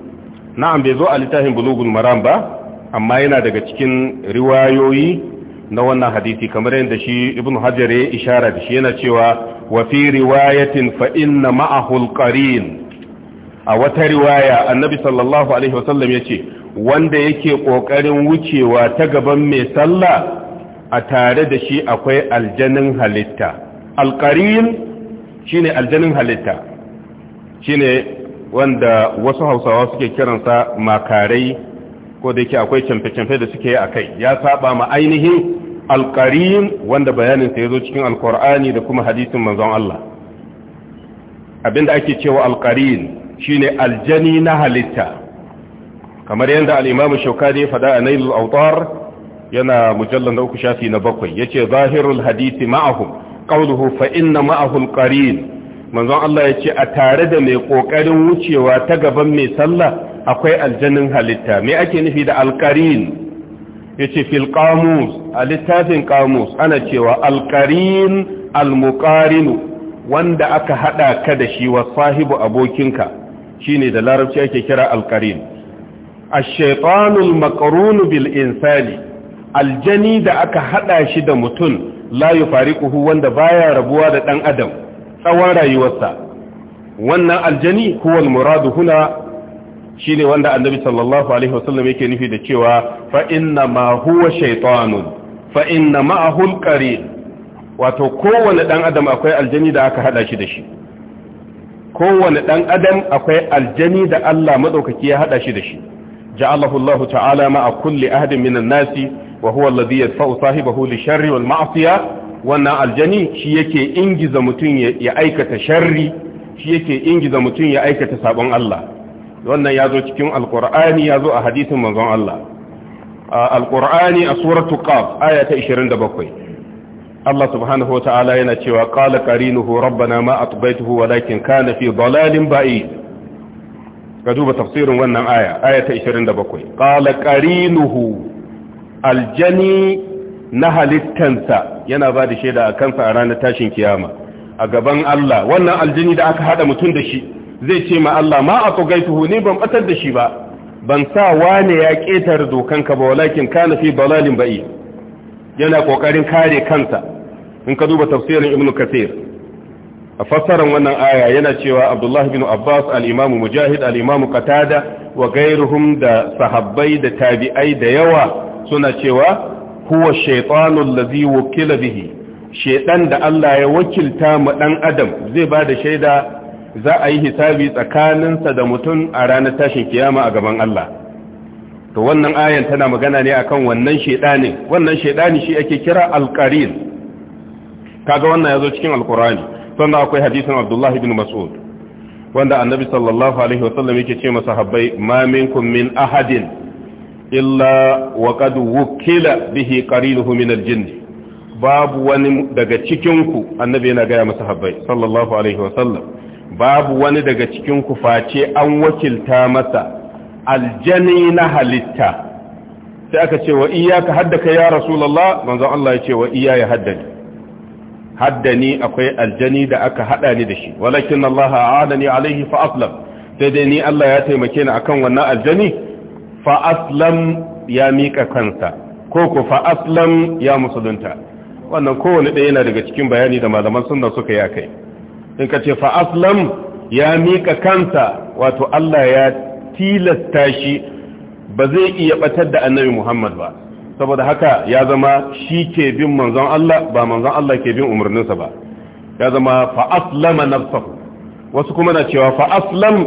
na'am bai zo a littafin bulugul maram ba amma yana daga cikin riwayoyi na wannan hadisi kamar yadda shi ibn hajar ya ishara da shi yana cewa wa fi riwayatin fa inna ma'ahu al-qarin a wata riwaya annabi sallallahu alaihi wasallam yace wanda yake kokarin wucewa ta gaban mai sallah a tare da shi akwai aljanin halitta al-qarin shine aljanin halitta shine wanda wasu Hausawa suke kiransa makarai ko da yake akwai kyamfe-kyamfe da suke yi a kai ya saba ma ainihin alkarim wanda bayaninsa ya zo cikin alkur'ani da kuma hadisin manzon Allah abinda ake cewa alkarin shine aljani na halitta kamar yadda al'imamu shaukani ya faɗa a nailul autar yana mujallar da uku shafi na bakwai ya ce zahirul hadisi ma'ahu ƙauluhu fa inna ma'ahu alkarin manzon Allah ya ce a tare da mai ƙoƙarin wucewa ta gaban mai sallah akwai aljanin halitta me ake nufi da alkarin yace a littafin ƙamus ana cewa alkarin almuqarin wanda aka hada ka da shi wa sahibu abokinka shine da larabci ake kira alkarin A shaytanu al bil insani aljani da aka hada shi da mutum layufari kuhu wanda baya rabuwa da dan adam tsawon rayuwarsa wannan aljani huwa muradu huna shine wanda annabi sallallahu alaihi wasallam yake nufi da cewa fa inna ma huwa shaytanun fa inna wato kowane dan adam akwai aljani da aka hada shi da shi kowane dan adam akwai aljani da Allah madaukaki ya hada shi da shi ja'alahu Allah ta'ala ma'a kulli ahadin minan nasi wa huwa alladhi yadfa'u sahibahu li sharri wal ma'siyah wannan aljani shi yake ingiza mutun ya aikata sharri shi yake ingiza mutun ya aikata sabon Allah wannan ya zo cikin alkur'ani ya zo a hadisin manzon Allah A alkur'ani a suratu qaf aya ta 27 Allah subhanahu wataala yana cewa qala qarinuhu rabbana ma atbaytuhu walakin kana fi dalalin ba'id ka duba tafsirin wannan aya aya ta 27 qala qarinuhu aljani na halittansa yana ba da shaida a kansa a ranar tashin kiyama a gaban Allah wannan aljini da aka hada mutum da shi zai ce ma Allah ma a tugaituhu ne ban batar da shi ba ban sa wane ya ƙetar dokanka ba walakin kana fi ba ba'i yana ƙoƙarin kare kansa in ka duba tafsirin ibnu kathir a fassarar wannan aya yana cewa abdullahi bin abbas Alimamu mujahid Alimamu qatada wa gairuhum da sahabbai da tabi'ai da yawa suna cewa huwa shaytanul ladhi wukila bihi shaytan da Allah ya wakilta mu dan adam zai ba da shaida za a yi hisabi tsakaninsa da mutum a ranar tashin kiyama a gaban Allah to wannan ayan tana magana ne akan wannan shedani wannan shedani shi ake kira alqarin kaga wannan yazo cikin alqurani sannan akwai hadisin Abdullah ibn Mas'ud wanda annabi sallallahu alaihi wasallam yake ce masahabbai ma minkum min ahadin illa wa qad wukila bihi qarinuhu min aljinn babu wani daga cikin ku annabi yana ga masahabbai sallallahu alaihi wasallam babu wani daga cikin kuface an wakilta masa aljani na halitta sai aka ce wa iyyaka haddaka ya rasulallah manzo Allah ya ce wa ya haddani haddani akwai aljani da aka hada ni da shi walakin Allah a'adani alaihi fa aslam sai dai ni Allah ya taimake ni akan wannan aljani fa aslam ya mika kansa ko ko fa aslam ya musulunta wannan kowane ɗaya yana daga cikin bayani da malaman sunna suka yi akai in ka ce fa ya mika kansa wato Allah ya tilasta shi ba zai iya batar da annabi Muhammad ba saboda haka ya zama shi ke bin manzon Allah ba manzon Allah ke bin umarninsa ba ya zama fa nafsahu wasu kuma na cewa fa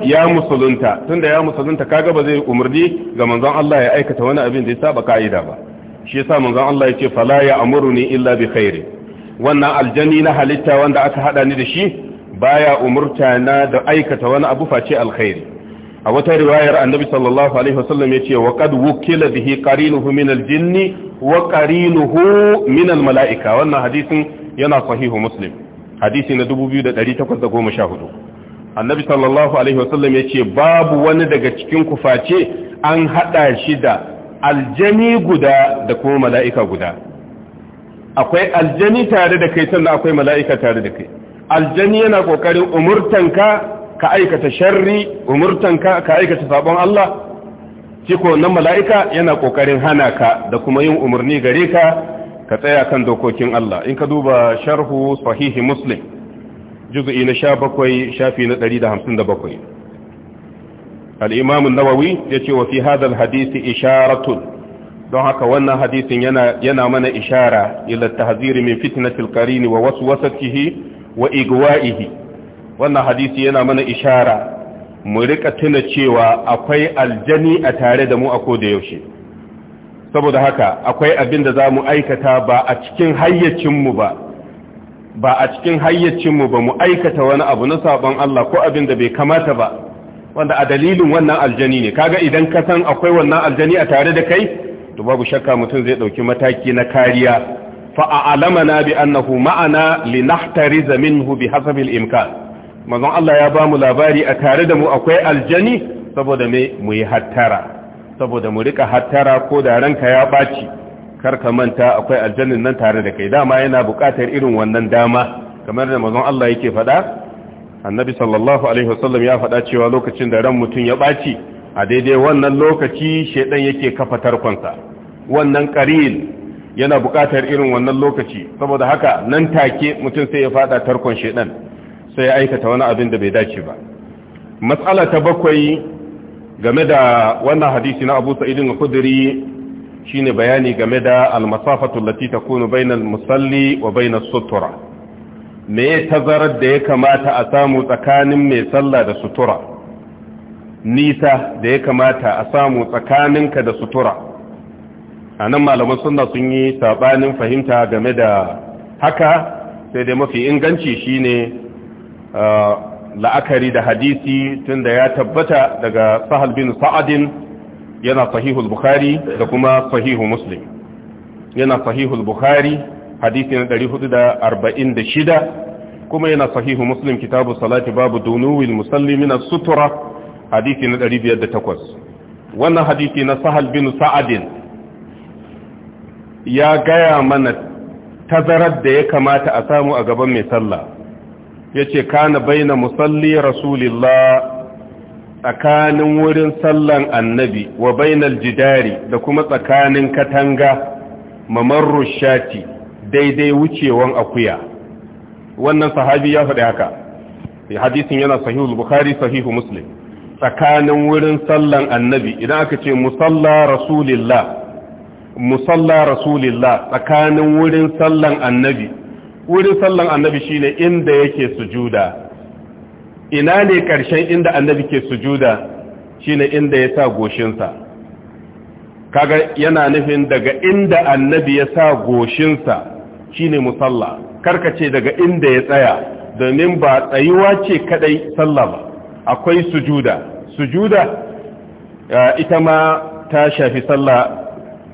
ya musulunta da ya musulunta kaga ba zai umarni ga manzon Allah ya aikata wani abin da ya saba ka'ida ba shi yasa manzon Allah ya ce fala ya ni illa bi khairi wannan aljani na halitta wanda aka hada ni da shi baya umurta na da aikata wani abu face alkhairi a wata riwayar annabi sallallahu alaihi wasallam yace wa qad wukila bihi qarinuhu min al-jinni wa qarinuhu min al-mala'ika wannan hadisin yana sahihu muslim hadisi na 2814 annabi sallallahu alaihi wasallam yace babu wani daga cikin ku face an hada shi da aljani guda da kuma mala'ika guda akwai aljani tare da kai sannan akwai mala'ika tare da kai aljani yana kokarin umurtanka ka aikata sharri umurtanka ka aikata sabon Allah ciko na mala'ika yana kokarin hana ka da kuma yin umarni gare ka ka tsaya kan dokokin Allah in ka duba sharhu sahihi muslim juz'i na 17 shafi na 157 al-imam an-nawawi yace wa fi hadha al-hadith isharatun don haka wannan hadisin yana yana mana ishara ila tahziri min fitnatil qarin wa waswasatihi wa igwa'ihi wannan hadisi yana mana ishara mu rika tuna cewa akwai aljani a tare da mu a koda yaushe saboda haka akwai abin da za mu aikata ba a cikin hayyacinmu ba ba a cikin hayyacinmu ba mu aikata wani abu na sabon Allah ko abin da bai kamata ba wanda a dalilin wannan aljani ne kaga idan ka san akwai wannan aljani a tare da kai to babu shakka mutum zai dauki mataki na kariya fa'alamana bi annahu ma'ana linahtariza minhu bi hasabil imkan manzon Allah ya ba mu labari a tare da mu akwai aljani saboda me mu yi hattara saboda mu rika hattara ko da ranka ya baci kar ka manta akwai aljannin nan tare da kai dama yana bukatar irin wannan dama kamar da manzon Allah yake faɗa annabi sallallahu alaihi wasallam ya faɗa cewa lokacin da ran mutum ya baci a daidai wannan lokaci shedan yake kafa tarkonsa wannan qaril yana buƙatar irin wannan lokaci saboda haka nan take mutum sai ya fada tarkon shedan sai ya aikata wani abin da bai dace ba matsala ta bakwai game da wannan hadisi na Abu Sa'id al-Khudri shine bayani game da al-masafatu allati takunu bainal musalli wa bainas sutura me tazarar da ya kamata a samu tsakanin mai sallah da sutura nisa da ya kamata a samu tsakaninka da sutura a nan malaman suna sun yi saɓanin fahimta game da haka sai dai mafi inganci shine uh, la'akari da hadisi tunda ya tabbata daga sahal bin sa'adin yana sahihul bukhari da kuma sahihu muslim yana sahihul bukhari hadisi na 446 kuma yana sahihu muslim kitabu salati babu dunuwil musallimin sutura hadisi na 508 wannan hadisi na sahal bin sa'adin ya gaya mana tazarar da ya kamata a samu a gaban mai sallah ya ce kana baina musalli rasulillah tsakanin wurin sallan annabi wa bainal jidari da kuma tsakanin katanga mamarru shati daidai wucewan akuya wannan sahabi ya faɗi haka hadisin yana sahihul bukhari sahihu muslim tsakanin wurin sallan annabi idan aka ce musalla rasulillah musalla rasulillah tsakanin wurin sallan annabi wurin sallan annabi shine inda yake sujuda ina ne karshen inda annabi ke sujuda shine inda ya sa goshinsa kaga yana nufin daga inda annabi ya sa goshinsa shine musalla Karka ce daga inda ya tsaya domin ba tsayuwa ce kadai sallah ba akwai sujuda sujuda eh, ita ma ta shafi sallah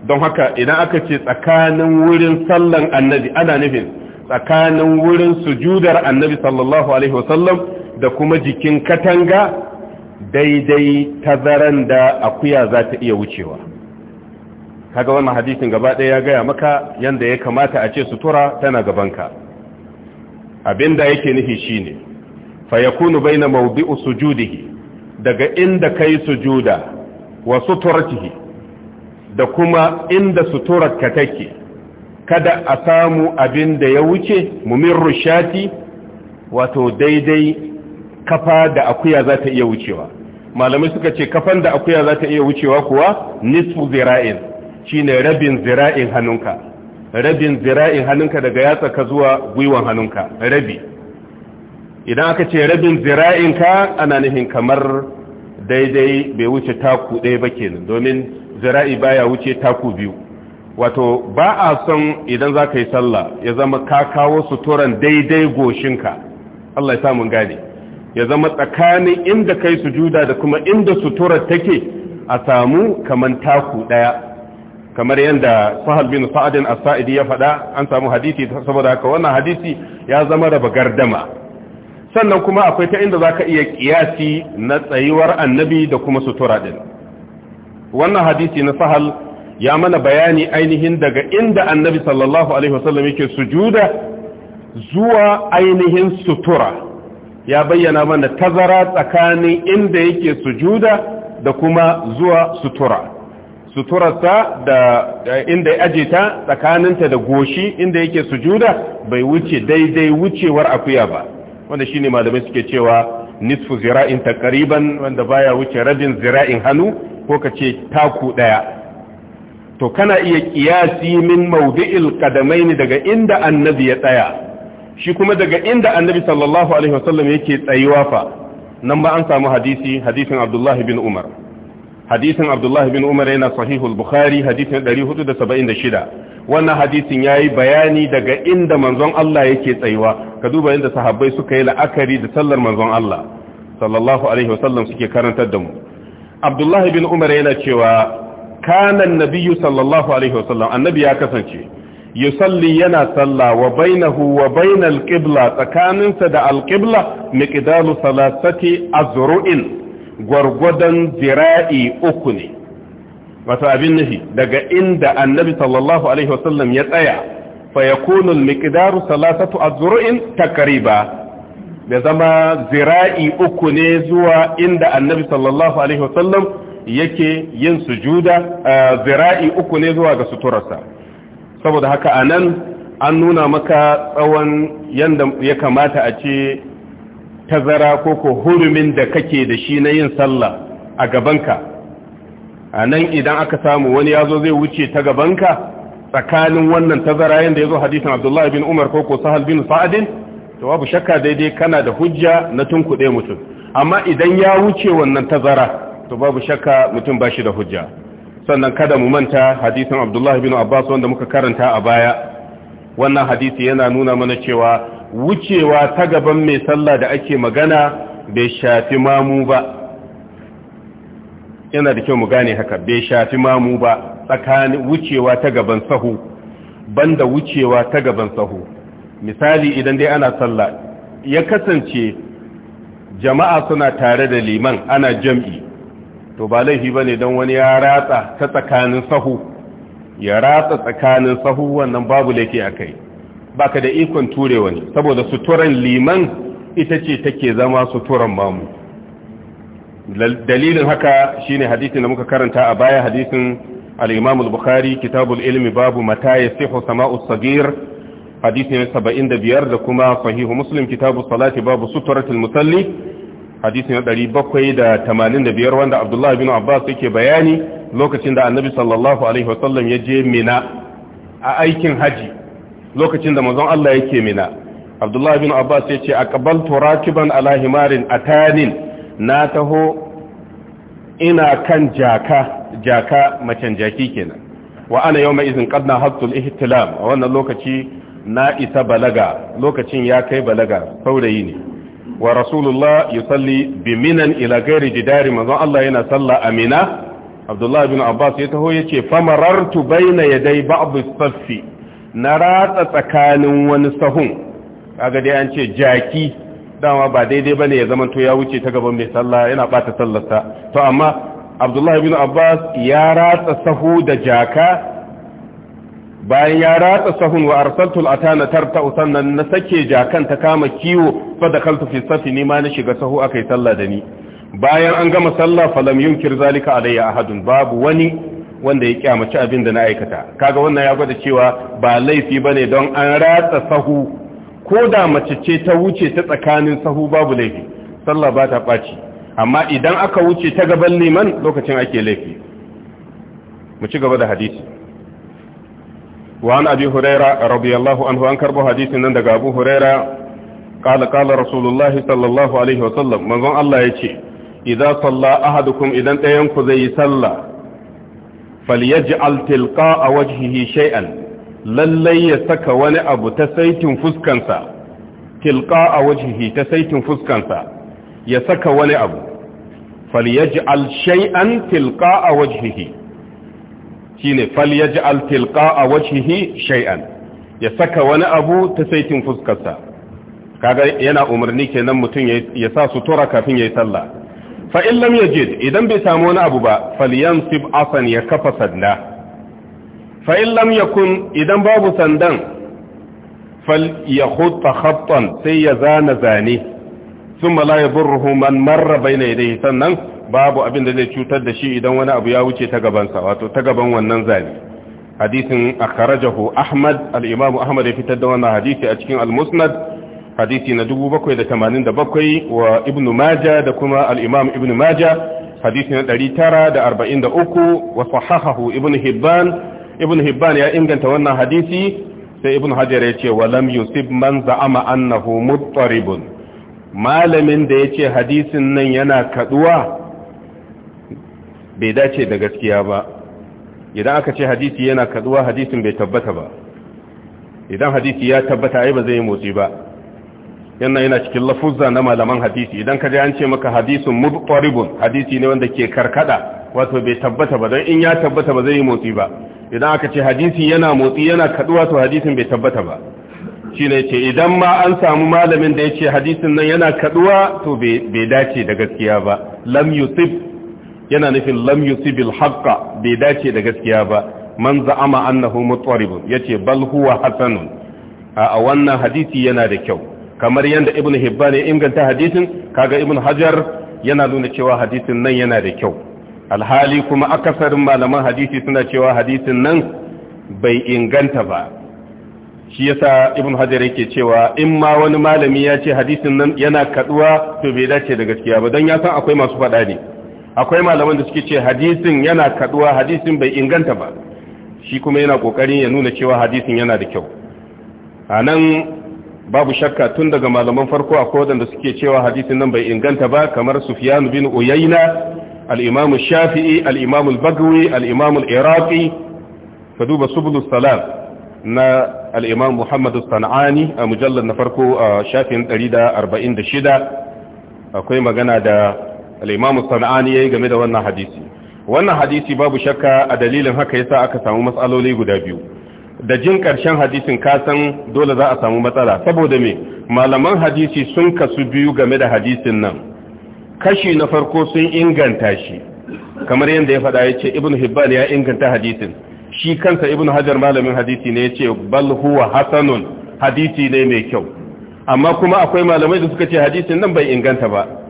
don haka idan aka ce tsakanin wurin sallan annabi ana nufin tsakanin wurin sujudar annabi sallallahu alaihi wasallam da kuma jikin katanga daidai tazaran da akuya za ta iya wucewa kaga wannan hadisin gaba ɗaya ya gaya maka yanda ya kamata a ce sutura tana gaban gabanka abinda yake nufi shine fa yakunu baina mawdi'u sujudihi daga inda kai sujuda wa suturatihi da kuma inda suturarka take kada a samu abin da ya wuce mumin rushati wato daidai kafa da akuya za ta iya wucewa malamai suka ce kafan da akuya za ta iya wucewa kuwa nisfu zira'in shine rabin zira'in hannunka rabin zira'in hannunka daga yatsa ka zuwa gwiwan hannunka rabi idan aka ce rabin zira'inka, ana nihin kamar daidai bai wuce taku ɗaya ba kenan domin zira'i baya wuce taku biyu wato ba a son idan za ka yi sallah ya zama ka kawo suturan daidai goshinka Allah ya samun gane ya zama tsakanin inda kai sujuda da kuma inda suturar take a samu kamar taku daya kamar yadda sahal bin sa'adin as-sa'idi ya faɗa an samu hadisi saboda haka wannan hadisi ya zama raba gardama sannan kuma akwai ta inda za ka iya kiyasi na tsayuwar annabi da kuma sutura din wannan hadisi na sahal ya mana bayani ainihin daga inda annabi sallallahu alaihi wasallam yake sujuda zuwa ainihin sutura ya bayyana mana tazara tsakanin inda yake sujuda da kuma zuwa sutura suturarsa da inda ya ajita ta tsakaninta da goshi inda yake sujuda bai wuce daidai wucewar akuya ba wanda shine malamai suke cewa nisfu zira'in taqriban wanda baya wuce rabin zira'in hannu ko ka ce taku ɗaya to kana iya kiyasi min maudi'il ne daga inda annabi ya tsaya shi kuma daga inda annabi sallallahu alaihi wasallam yake tsayuwa fa nan ba an samu hadisi hadisin Abdullah bin Umar hadisin Abdullah bin Umar yana sahihul Bukhari hadisin 476 wannan hadisin yi bayani daga inda manzon Allah yake tsayuwa ka duba inda sahabbai suka yi la'akari da sallar manzon Allah sallallahu alaihi wasallam suke karantar da mu abdullahi bin umar yana cewa kanan nabiyyu sallallahu alaihi wasallam annabi ya kasance yusalli yana salla wa bainahu wa bainal qibla tsakaninsa da alqibla miqdalu salasati azru'in gwargwadon zira'i uku ne wato abin nufi daga inda annabi sallallahu alaihi wasallam ya tsaya fa yakunu almiqdaru salasatu azru'in takriba da zama zira'i uku ne zuwa inda annabi sallallahu alaihi wasallam yake yin sujuda zira'i uku ne zuwa ga suturarsa saboda haka anan an nuna maka tsawon yanda ya kamata a ce tazara ko ko hurumin da kake da shi na yin sallah a gabanka anan idan aka samu wani yazo zai wuce ta gabanka tsakanin wannan tazara yanda yazo hadisin Abdullah bin Umar ko ko Sahal bin Sa'd to babu shakka daidai kana da hujja na tunkuɗe mutum amma idan ya wuce wannan tazara to babu shakka mutum ba shi da hujja sannan kada mu manta hadisin abdullahi bin abbas wanda muka karanta a baya wannan hadisi yana nuna mana cewa wucewa ta gaban mai sallah da ake magana bai shafi mamu ba yana da kyau mu gane haka bai shafi mamu ba tsakanin wucewa ta gaban sahu banda wucewa ta gaban sahu misali idan dai ana sallah ya kasance jama'a suna tare da liman ana jam'i to ba laifi ba ne don wani ya ratsa ta tsakanin sahu ya ratsa tsakanin sahu wannan babu laifi a kai ba ka da ikon ture wani saboda suturan liman ita ce take zama suturan mamu dalilin haka shine hadisin da muka karanta a baya hadisin al-imam al-bukhari kitabul ilmi babu mata yasihu sama'us sagir hadisi na saba'in da biyar da kuma sahihu muslim kitabu salati babu suturatul musalli hadisi na ɗari bakwai da tamanin da biyar wanda abdullahi bin abbas yake bayani lokacin da annabi sallallahu alaihi wasallam ya je mina a aikin haji lokacin da mazan allah yake mina abdullahi bin abbas ya ce a ƙabaltu rakiban ala himarin atanin na taho ina kan jaka jaka macen jaki kenan wa ana yau mai izin ƙadna hattul ihtilam a wannan lokaci na isa balaga lokacin ya kai balaga saurayi ne wa rasulullah yusalli bi minan ila gairi jidari manzon Allah yana salla amina abdullahi bin abbas ya taho yace famarartu baina yaday ba'd saffi na ratsa tsakanin wani sahun kaga dai an ce jaki dama ba daidai bane ya zamanto ya wuce ta gaban mai sallah yana bata sallarsa to amma abdullahi bin abbas ya ratsa sahu da jaka bayan ya ratsa sahun wa arsaltul atana tarta sannan na sake jakan ta kama kiwo fa da kaltu fi safi ni ma na shiga sahu akai sallah da ni bayan an gama sallah falam yunkir zalika alayya ahadun babu wani wanda ya kyamaci abin da na aikata kaga wannan ya gwada cewa ba laifi bane don an ratsa sahu ko da mace ce ta wuce ta tsakanin sahu babu laifi sallah ba ta ɓaci amma idan aka wuce ta gaban liman lokacin ake laifi mu ci gaba da hadisi wa an abi huraira radiyallahu anhu an karbo hadisin nan daga abu huraira qala qala rasulullahi sallallahu alaihi wasallam manzon Allah yace idza salla ahadukum idan dayan ku zai yi salla falyaj'al tilqa'a wajhihi shay'an lallai ya saka wani abu ta saitin fuskansa tilqa'a wajhihi ta saitin fuskansa ya saka wani abu al-shai'an tilka a wajihi. shine falyaj'al tilqa'a wajhihi shay'an ya saka wani abu ta saitin fuskarsa kaga yana umarni kenan mutum ya sa sutura kafin yayi sallah fa in lam yajid idan bai samu wani abu ba falyansib asan ya kafa sanda fa in lam yakun idan babu sandan fal yakhutta khattan sai ya zana zane thumma la yadurruhu man marra bayna yadayhi sannan babu abin da zai cutar da shi idan wani abu ya wuce ta gabansa wato ta gaban wannan zane hadisin akharajahu ahmad al-imam ahmad ya fitar da wannan hadisi a cikin al-musnad hadisi na 787 wa ibn majah da kuma al-imam ibn majah hadisi na 943 wa sahahahu ibn hibban ibn hibban ya inganta wannan hadisi sai ibn hajar ya ce wa lam yusib man za'ama annahu muttaribun malamin da ya ce hadisin nan yana kaduwa bai dace da gaskiya ba idan aka ce hadisi yana kaduwa hadisin bai tabbata ba idan hadisi ya tabbata ai ba zai yi motsi ba yana yana cikin lafuzza na malaman hadisi idan ka ji an ce maka hadisin mudqaribun hadisi ne wanda ke karkada wato bai tabbata ba dan in ya tabbata ba zai yi motsi ba idan aka ce hadisi yana motsi yana kaduwa to hadisin bai tabbata ba shine ce idan ma an samu malamin da yace hadisin nan yana kaduwa to bai dace da gaskiya ba lam yutib yana nufin lam yusibil haqqa bai dace da gaskiya ba man za'ama annahu mutwaribun yace bal huwa hasanun a wannan hadisi yana da kyau kamar yadda ibnu hibban ya inganta hadisin kaga ibnu hajar yana nuna cewa hadisin nan yana da kyau alhali kuma akasarin malaman hadisi suna cewa hadisin nan bai inganta ba shi yasa ibn hajar yake cewa in ma wani malami ya ce hadisin nan yana kaduwa to bai dace da gaskiya ba don ya san akwai masu faɗa ne akwai malaman da suke ce hadisin yana kaduwa hadisin bai inganta ba shi kuma yana kokarin ya nuna cewa hadisin yana da kyau anan babu shakka tun daga malaman farko a kodan da suke cewa hadisin nan bai inganta ba kamar sufyan bin uyayna al-imam shafi'i al-imam al-bagawi al-imam al-iraqi fa duba subul salam na al-imam muhammad sanani a mujallar na farko a shafin 146 akwai magana da al sana'ani ya yi game da wannan hadisi wannan hadisi babu shakka a dalilin haka yasa aka samu matsaloli guda biyu da jin karshen hadisin kasan dole za a samu matsala saboda me malaman hadisi sun kasu biyu game da hadisin nan kashi na farko sun inganta shi kamar yadda ya faɗa ya ce ibn hibban ya inganta hadisin shi kansa ibn hajar malamin hadisi ne ya ce bal huwa hasanun hadisi ne mai kyau amma kuma akwai malamai da suka ce hadisin nan bai inganta ba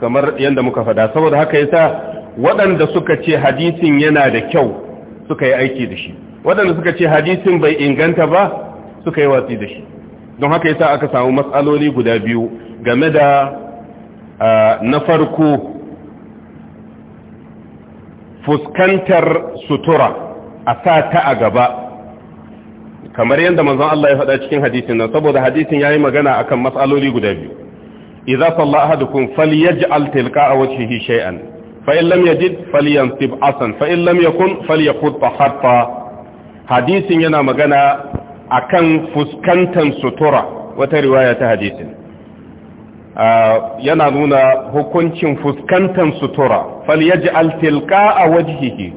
kamar yadda muka fada saboda haka yasa waɗanda suka ce hadisin yana da kyau suka yi aiki da shi waɗanda suka ce hadisin bai inganta ba suka yi watsi da shi don haka yasa aka samu matsaloli guda biyu game da na farko fuskantar sutura a sa ta a gaba kamar yadda manzon Allah ya faɗa cikin hadisin nan saboda hadisin ya yi magana akan matsaloli guda biyu idza salla ahadukum falyaj'al tilqa'a wajhihi shay'an fa in lam yajid falyansib asan fa in lam yakun falyaqut hatta hadisin yana magana akan fuskantan sutura wata riwaya ta hadisin yana nuna hukuncin fuskantan sutura falyaj'al tilqa'a wajhihi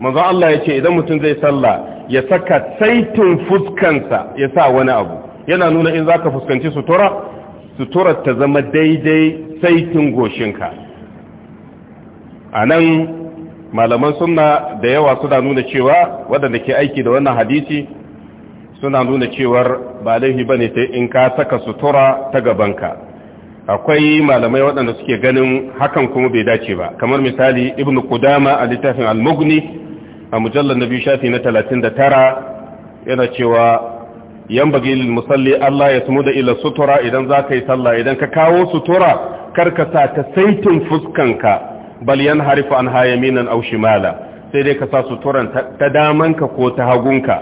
manzo Allah ce idan mutum zai salla ya saka saitin fuskansa ya sa wani abu yana nuna in zaka fuskanci sutura suturar ta zama daidai saitin goshinka a nan malaman suna da yawa suna nuna cewa waɗanda ke aiki da wannan hadisi suna nuna cewar ba laifi ba ne in ka saka sutura ta gabanka akwai malamai waɗanda suke ganin hakan kuma bai dace ba kamar misali ibn kudama a littafin al a mujallar na biyu shafi na 39 yana cewa yan bagi musalli Allah ya da ila sutura idan zaka yi sallah idan ka kawo sutura karka sa ta saitin fuskanka bal yanharifu an hayaminan aw shimala sai dai ka sa suturan ta damanka ko ta hagunka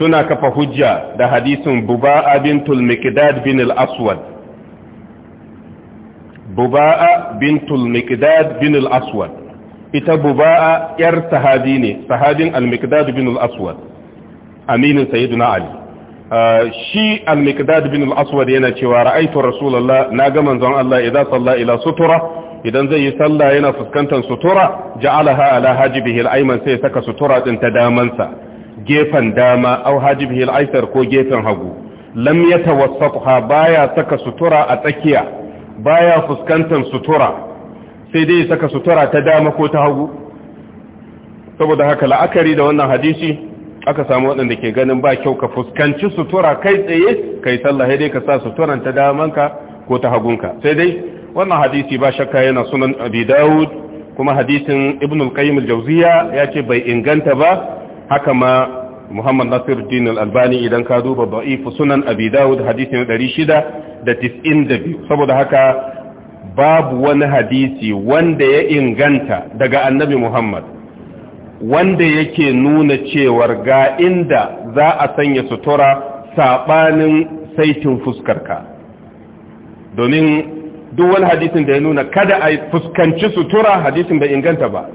suna kafa hujja da hadisin buba'a bintul miqdad bin al-aswad buba'a bintul miqdad bin al-aswad ita buba'a yar sahabi ne sahabin al-miqdad bin al-aswad aminin sayyiduna ali shi al-miqdad bin al-aswad yana cewa ra'aytu rasulullah naga manzon Allah idan salla ila sutura idan zai yi sallah yana fuskantar sutura ja'alaha ala hajibihi al-ayman sai saka sutura din ta damansa gefen dama au hajibihi al-aysar ko gefen hagu lam yatawassatha baya saka sutura a tsakiya baya fuskantar sutura sai dai saka sutura ta dama ko ta hagu saboda haka la'akari da wannan hadisi aka samu waɗanda ke ganin ba kyau ka fuskanci sutura kai tsaye kai sallah dai ka sa suturan ta damanka ko ta hagunka sai dai wannan hadisi ba shakka yana sunan abi dawud kuma hadisin ibn al-qayyim al-jawziya ya ce bai inganta ba haka ma muhammad nasir din al-albani idan ka duba da'if sunan abi dawud hadisin 692 saboda haka babu wani hadisi wanda ya inganta daga annabi muhammad wanda yake nuna cewar ga inda za a sanya sutura saɓanin saitin fuskarka domin duk wani hadisin da ya nuna kada a fuskanci sutura hadisin bai inganta ba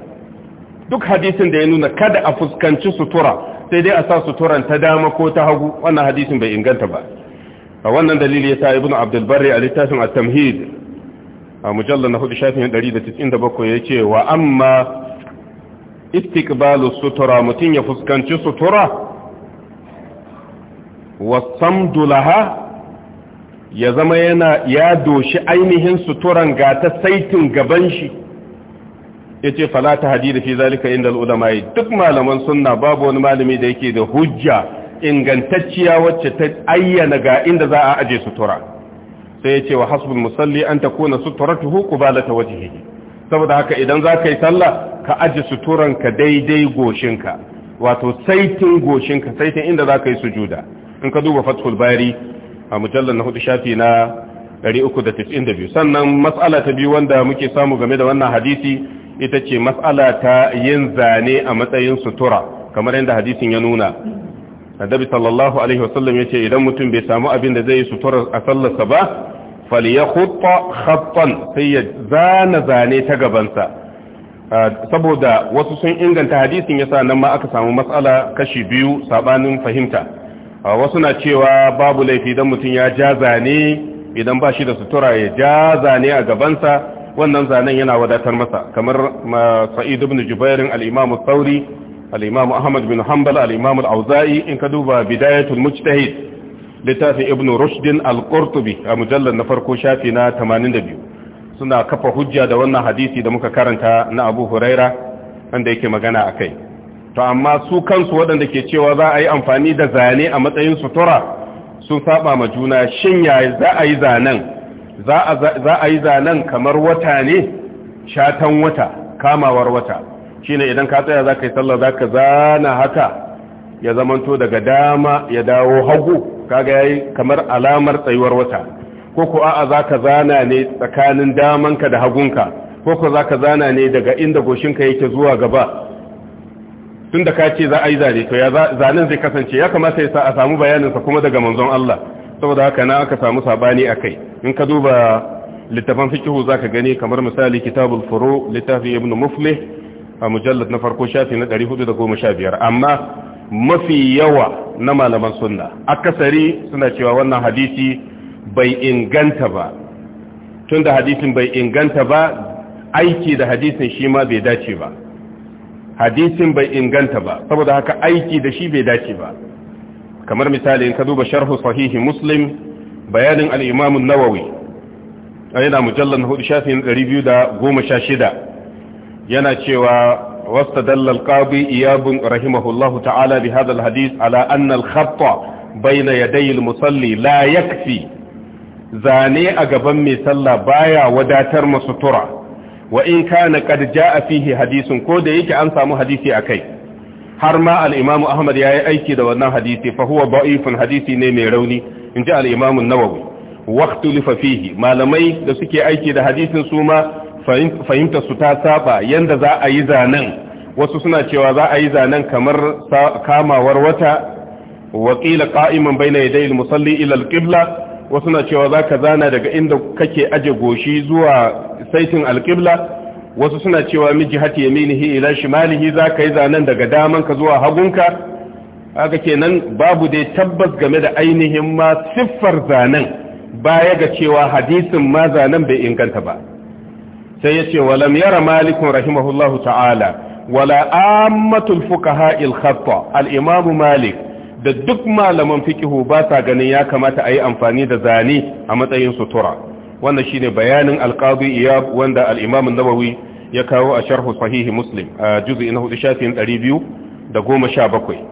duk hadisin da ya nuna kada a fuskanci sutura sai dai a sa suturan ta dama ko ta hagu wannan hadisin bai inganta ba a wannan dalili ya sa ibn abdulbari a littafin at-tamhid a mujallar na hudu shafin 197 ya ce wa amma istiqbalu sutura mutum ya fuskanci sutura wasamdu laha ya zama yana ya doshi ainihin suturan ga ta saitin gaban shi yace fala ta hadida fi zalika inda ulama duk malaman sunna babu wani malami da yake da hujja ingantacciya wacce ta ayyana ga inda za a aje sutura sai yace wa hasbul musalli an ku suturatuhu qubalata wajhihi saboda haka idan za ka yi sallah ka aji ka daidai goshinka wato saitin goshinka saitin inda za ka yi sujuda in ka duba fathul bari a mujallar na hudu shafi na 392 sannan matsala ta biyu wanda muke samu game da wannan hadisi ita ce matsala ta yin zane a matsayin sutura kamar yadda hadisin ya nuna annabi sallallahu alaihi wasallam yace idan mutum bai samu abin da zai yi sutura a sallarsa ba falyakhutta khattan sai ya zana zane ta gabansa ah, saboda wasu sun inganta hadisin yasa nan ma aka samu matsala kashi biyu sabanin fahimta ah, wasu na cewa babu laifi dan mutum ya ja zane idan ba shi da sutura ya ja zane a gabansa wannan zanen yana wadatar masa kamar sa'id ibn jubairin al-imam sauri al-imam ahmad bin hanbal al-imam al-auza'i in ka duba bidayatul mujtahid littafin ibn rushdin al-qurtubi a mujallar na farko shafi na 82 suna kafa hujja da wannan hadisi da muka karanta na abu huraira wanda yake magana a kai to amma su kansu waɗanda ke cewa za a yi amfani da zane a matsayin sutura sun saba ma juna shin ya za a yi zanen za a yi zanen kamar wata ne shatan wata kamawar wata shine idan ka tsaya za ka yi sallah za ka zana haka ya zamanto daga dama ya dawo hagu kaga yayi kamar alamar tsayuwar wata ko ko a'a zaka zana ne tsakanin damanka da hagunka ko ko zaka zana ne daga inda goshinka yake zuwa gaba tunda ka ce za a yi zane to ya zanen zai kasance ya kamata ya sa a samu bayaninsa kuma daga manzon Allah saboda haka na aka samu sabani akai in ka duba littafan fikihu zaka gani kamar misali kitabul furu littafi ibn muflih a mujallad na farko shafi na 415 amma mafi yawa na malaman sunna akasari suna cewa wannan hadisi bai inganta ba tunda hadisin bai inganta ba aiki da hadisin shi ma bai dace ba hadisin bai inganta ba saboda haka aiki da shi bai dace ba kamar misali in ka duba sharhu sahihi muslim bayanin al-imam an-nawawi yana mujallal 4 shafin 216 yana cewa واستدل القاضي إياب رحمه الله تعالى بهذا الحديث على أن الخط بين يدي المصلي لا يكفي زاني أقبا مثلا بايا وداتر مسطرة وإن كان قد جاء فيه حديث كود يك أنسام حديثي أكي حرما الإمام أحمد يا أيكي دوانا حديثي فهو ضعيف حديثي نيمي روني إن جاء الإمام النووي واختلف فيه ما لمي لسكي أيكي دا حديث سوما fahimta su ta saba yanda za a yi zanen wasu suna cewa za a yi zanen kamar kamawar wata wakila qa'iman bayna yaday al-musalli ilal qibla wasu na cewa ka zana daga inda kake aje goshi zuwa saitin al-qibla wasu suna cewa min jihati yaminihi ila shimalihi ka yi zanen daga damanka zuwa hagunka haka kenan babu dai tabbas game da ainihin ma siffar zanen baya ga cewa hadisin ma zanen bai inganta ba sai ce walam yara malikun rahimahullahu ta'ala wala ammatul fuqaha al khatta al malik da duk malaman fikihu ba sa ganin ya kamata a yi amfani da zani a matsayin sutura wannan shine bayanin al qadi iyab wanda al imam nawawi ya kawo a sharh sahih muslim juz'i na 4 shafin 217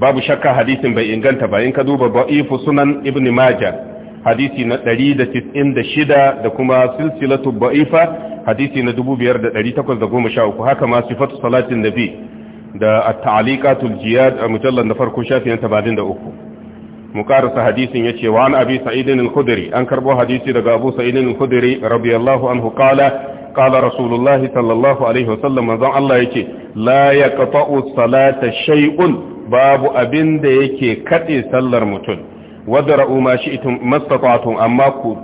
babu shakka hadisin bai inganta ba in ka duba ba'ifu sunan ibn majah hadisi na 196 da kuma silsilatu ba'ifa hadisi na 5813 haka ma sifatu salatin nabi da at-ta'liqatul jiyad a mujallal na farko shafi na 73 mukarasa hadisin yace wa an abi sa'idin al-khudri an karbo hadisi daga abu sa'idin al-khudri radiyallahu anhu qala قال رسول الله alaihi الله عليه وسلم manzon Allah yake la yaqta'u salata shay'un babu abin da yake katse sallar mutum wadara'u ma shi'tum mastata'tum amma ku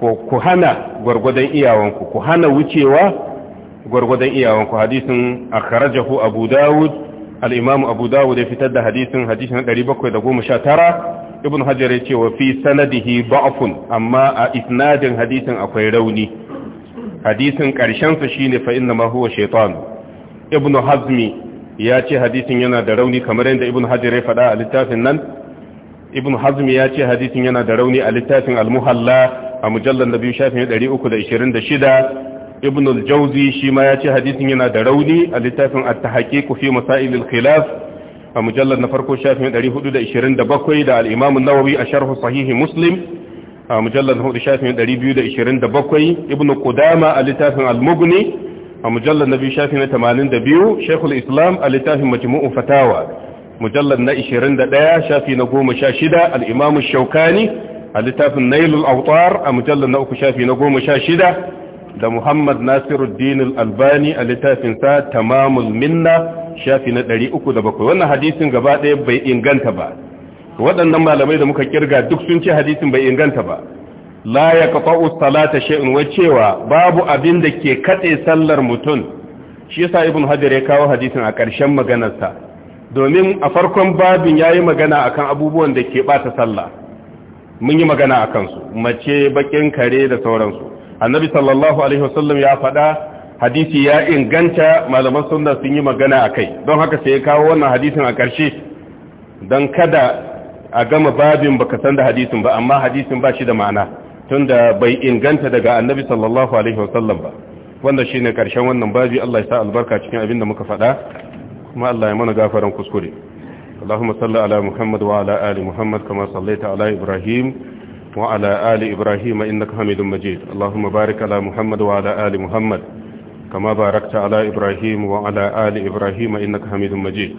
ku hana gwargwadon iyawanku ku hana wucewa gwargwadon iyawanku hadisin akhrajahu abu dawud al abu dawud ya fitar da hadisin hadisin 719 ibn hajar ya ce wa fi sanadihi da'fun amma a isnadin hadisin akwai rauni hadisin karshen sa shine fa inna ma shaitan ibn hazmi ya ce hadisin yana da rauni kamar yadda ibn hajar ya faɗa a littafin nan ibn hazm ya ce hadisin yana da rauni a littafin al-muhalla a mujallar da biyu shafin 326 ibn al-jawzi shi ma ya ce hadisin yana da rauni a littafin at-tahqiq fi masail al-khilaf a mujallar na farko shafin 427 da al-imam an-nawawi a sharh sahih muslim a mujallar na hudu shafin 227 ibn qudama a littafin al-mughni a mujallar na biyu shafin 82 shaykhul islam a littafin majmu'u fatawa mujallar na 21 shafi na 16 al-imam shaukani a littafin nailul autar a mujallar na uku shafi na 16 da muhammad nasiruddin al-albani a littafin sa tamamul minna shafi na 307 wannan hadisin gaba ɗaya bai inganta ba waɗannan malamai da muka kirga duk sun ce hadisin bai inganta ba la ya kafa salata shay'un wa cewa babu abin da ke katse sallar mutum shi yasa ibn hajar ya kawo hadisin a ƙarshen maganarsa domin a farkon babin ya yi magana a kan abubuwan da ke bata sallah mun yi magana a kansu mace bakin kare da sauransu annabi sallallahu alaihi wasallam ya faɗa hadisi ya inganta malaman sunna sun yi magana a kai don haka sai ya kawo wannan hadisin a ƙarshe don kada a gama babin baka san da hadisin ba amma hadisin ba shi da ma'ana tunda bai inganta daga annabi sallallahu alaihi wasallam ba wannan shine ƙarshen wannan babi Allah ya sa albarka cikin abin da muka faɗa kuma Allah ya mana gafaran kuskure Allahumma salli ala Muhammad wa ala ali Muhammad kama sallaita ala Ibrahim wa ala ali Ibrahim innaka Hamidum Majid Allahumma barik ala Muhammad wa ala ali Muhammad kama barakta ala Ibrahim wa ala ali Ibrahim innaka Hamidum Majid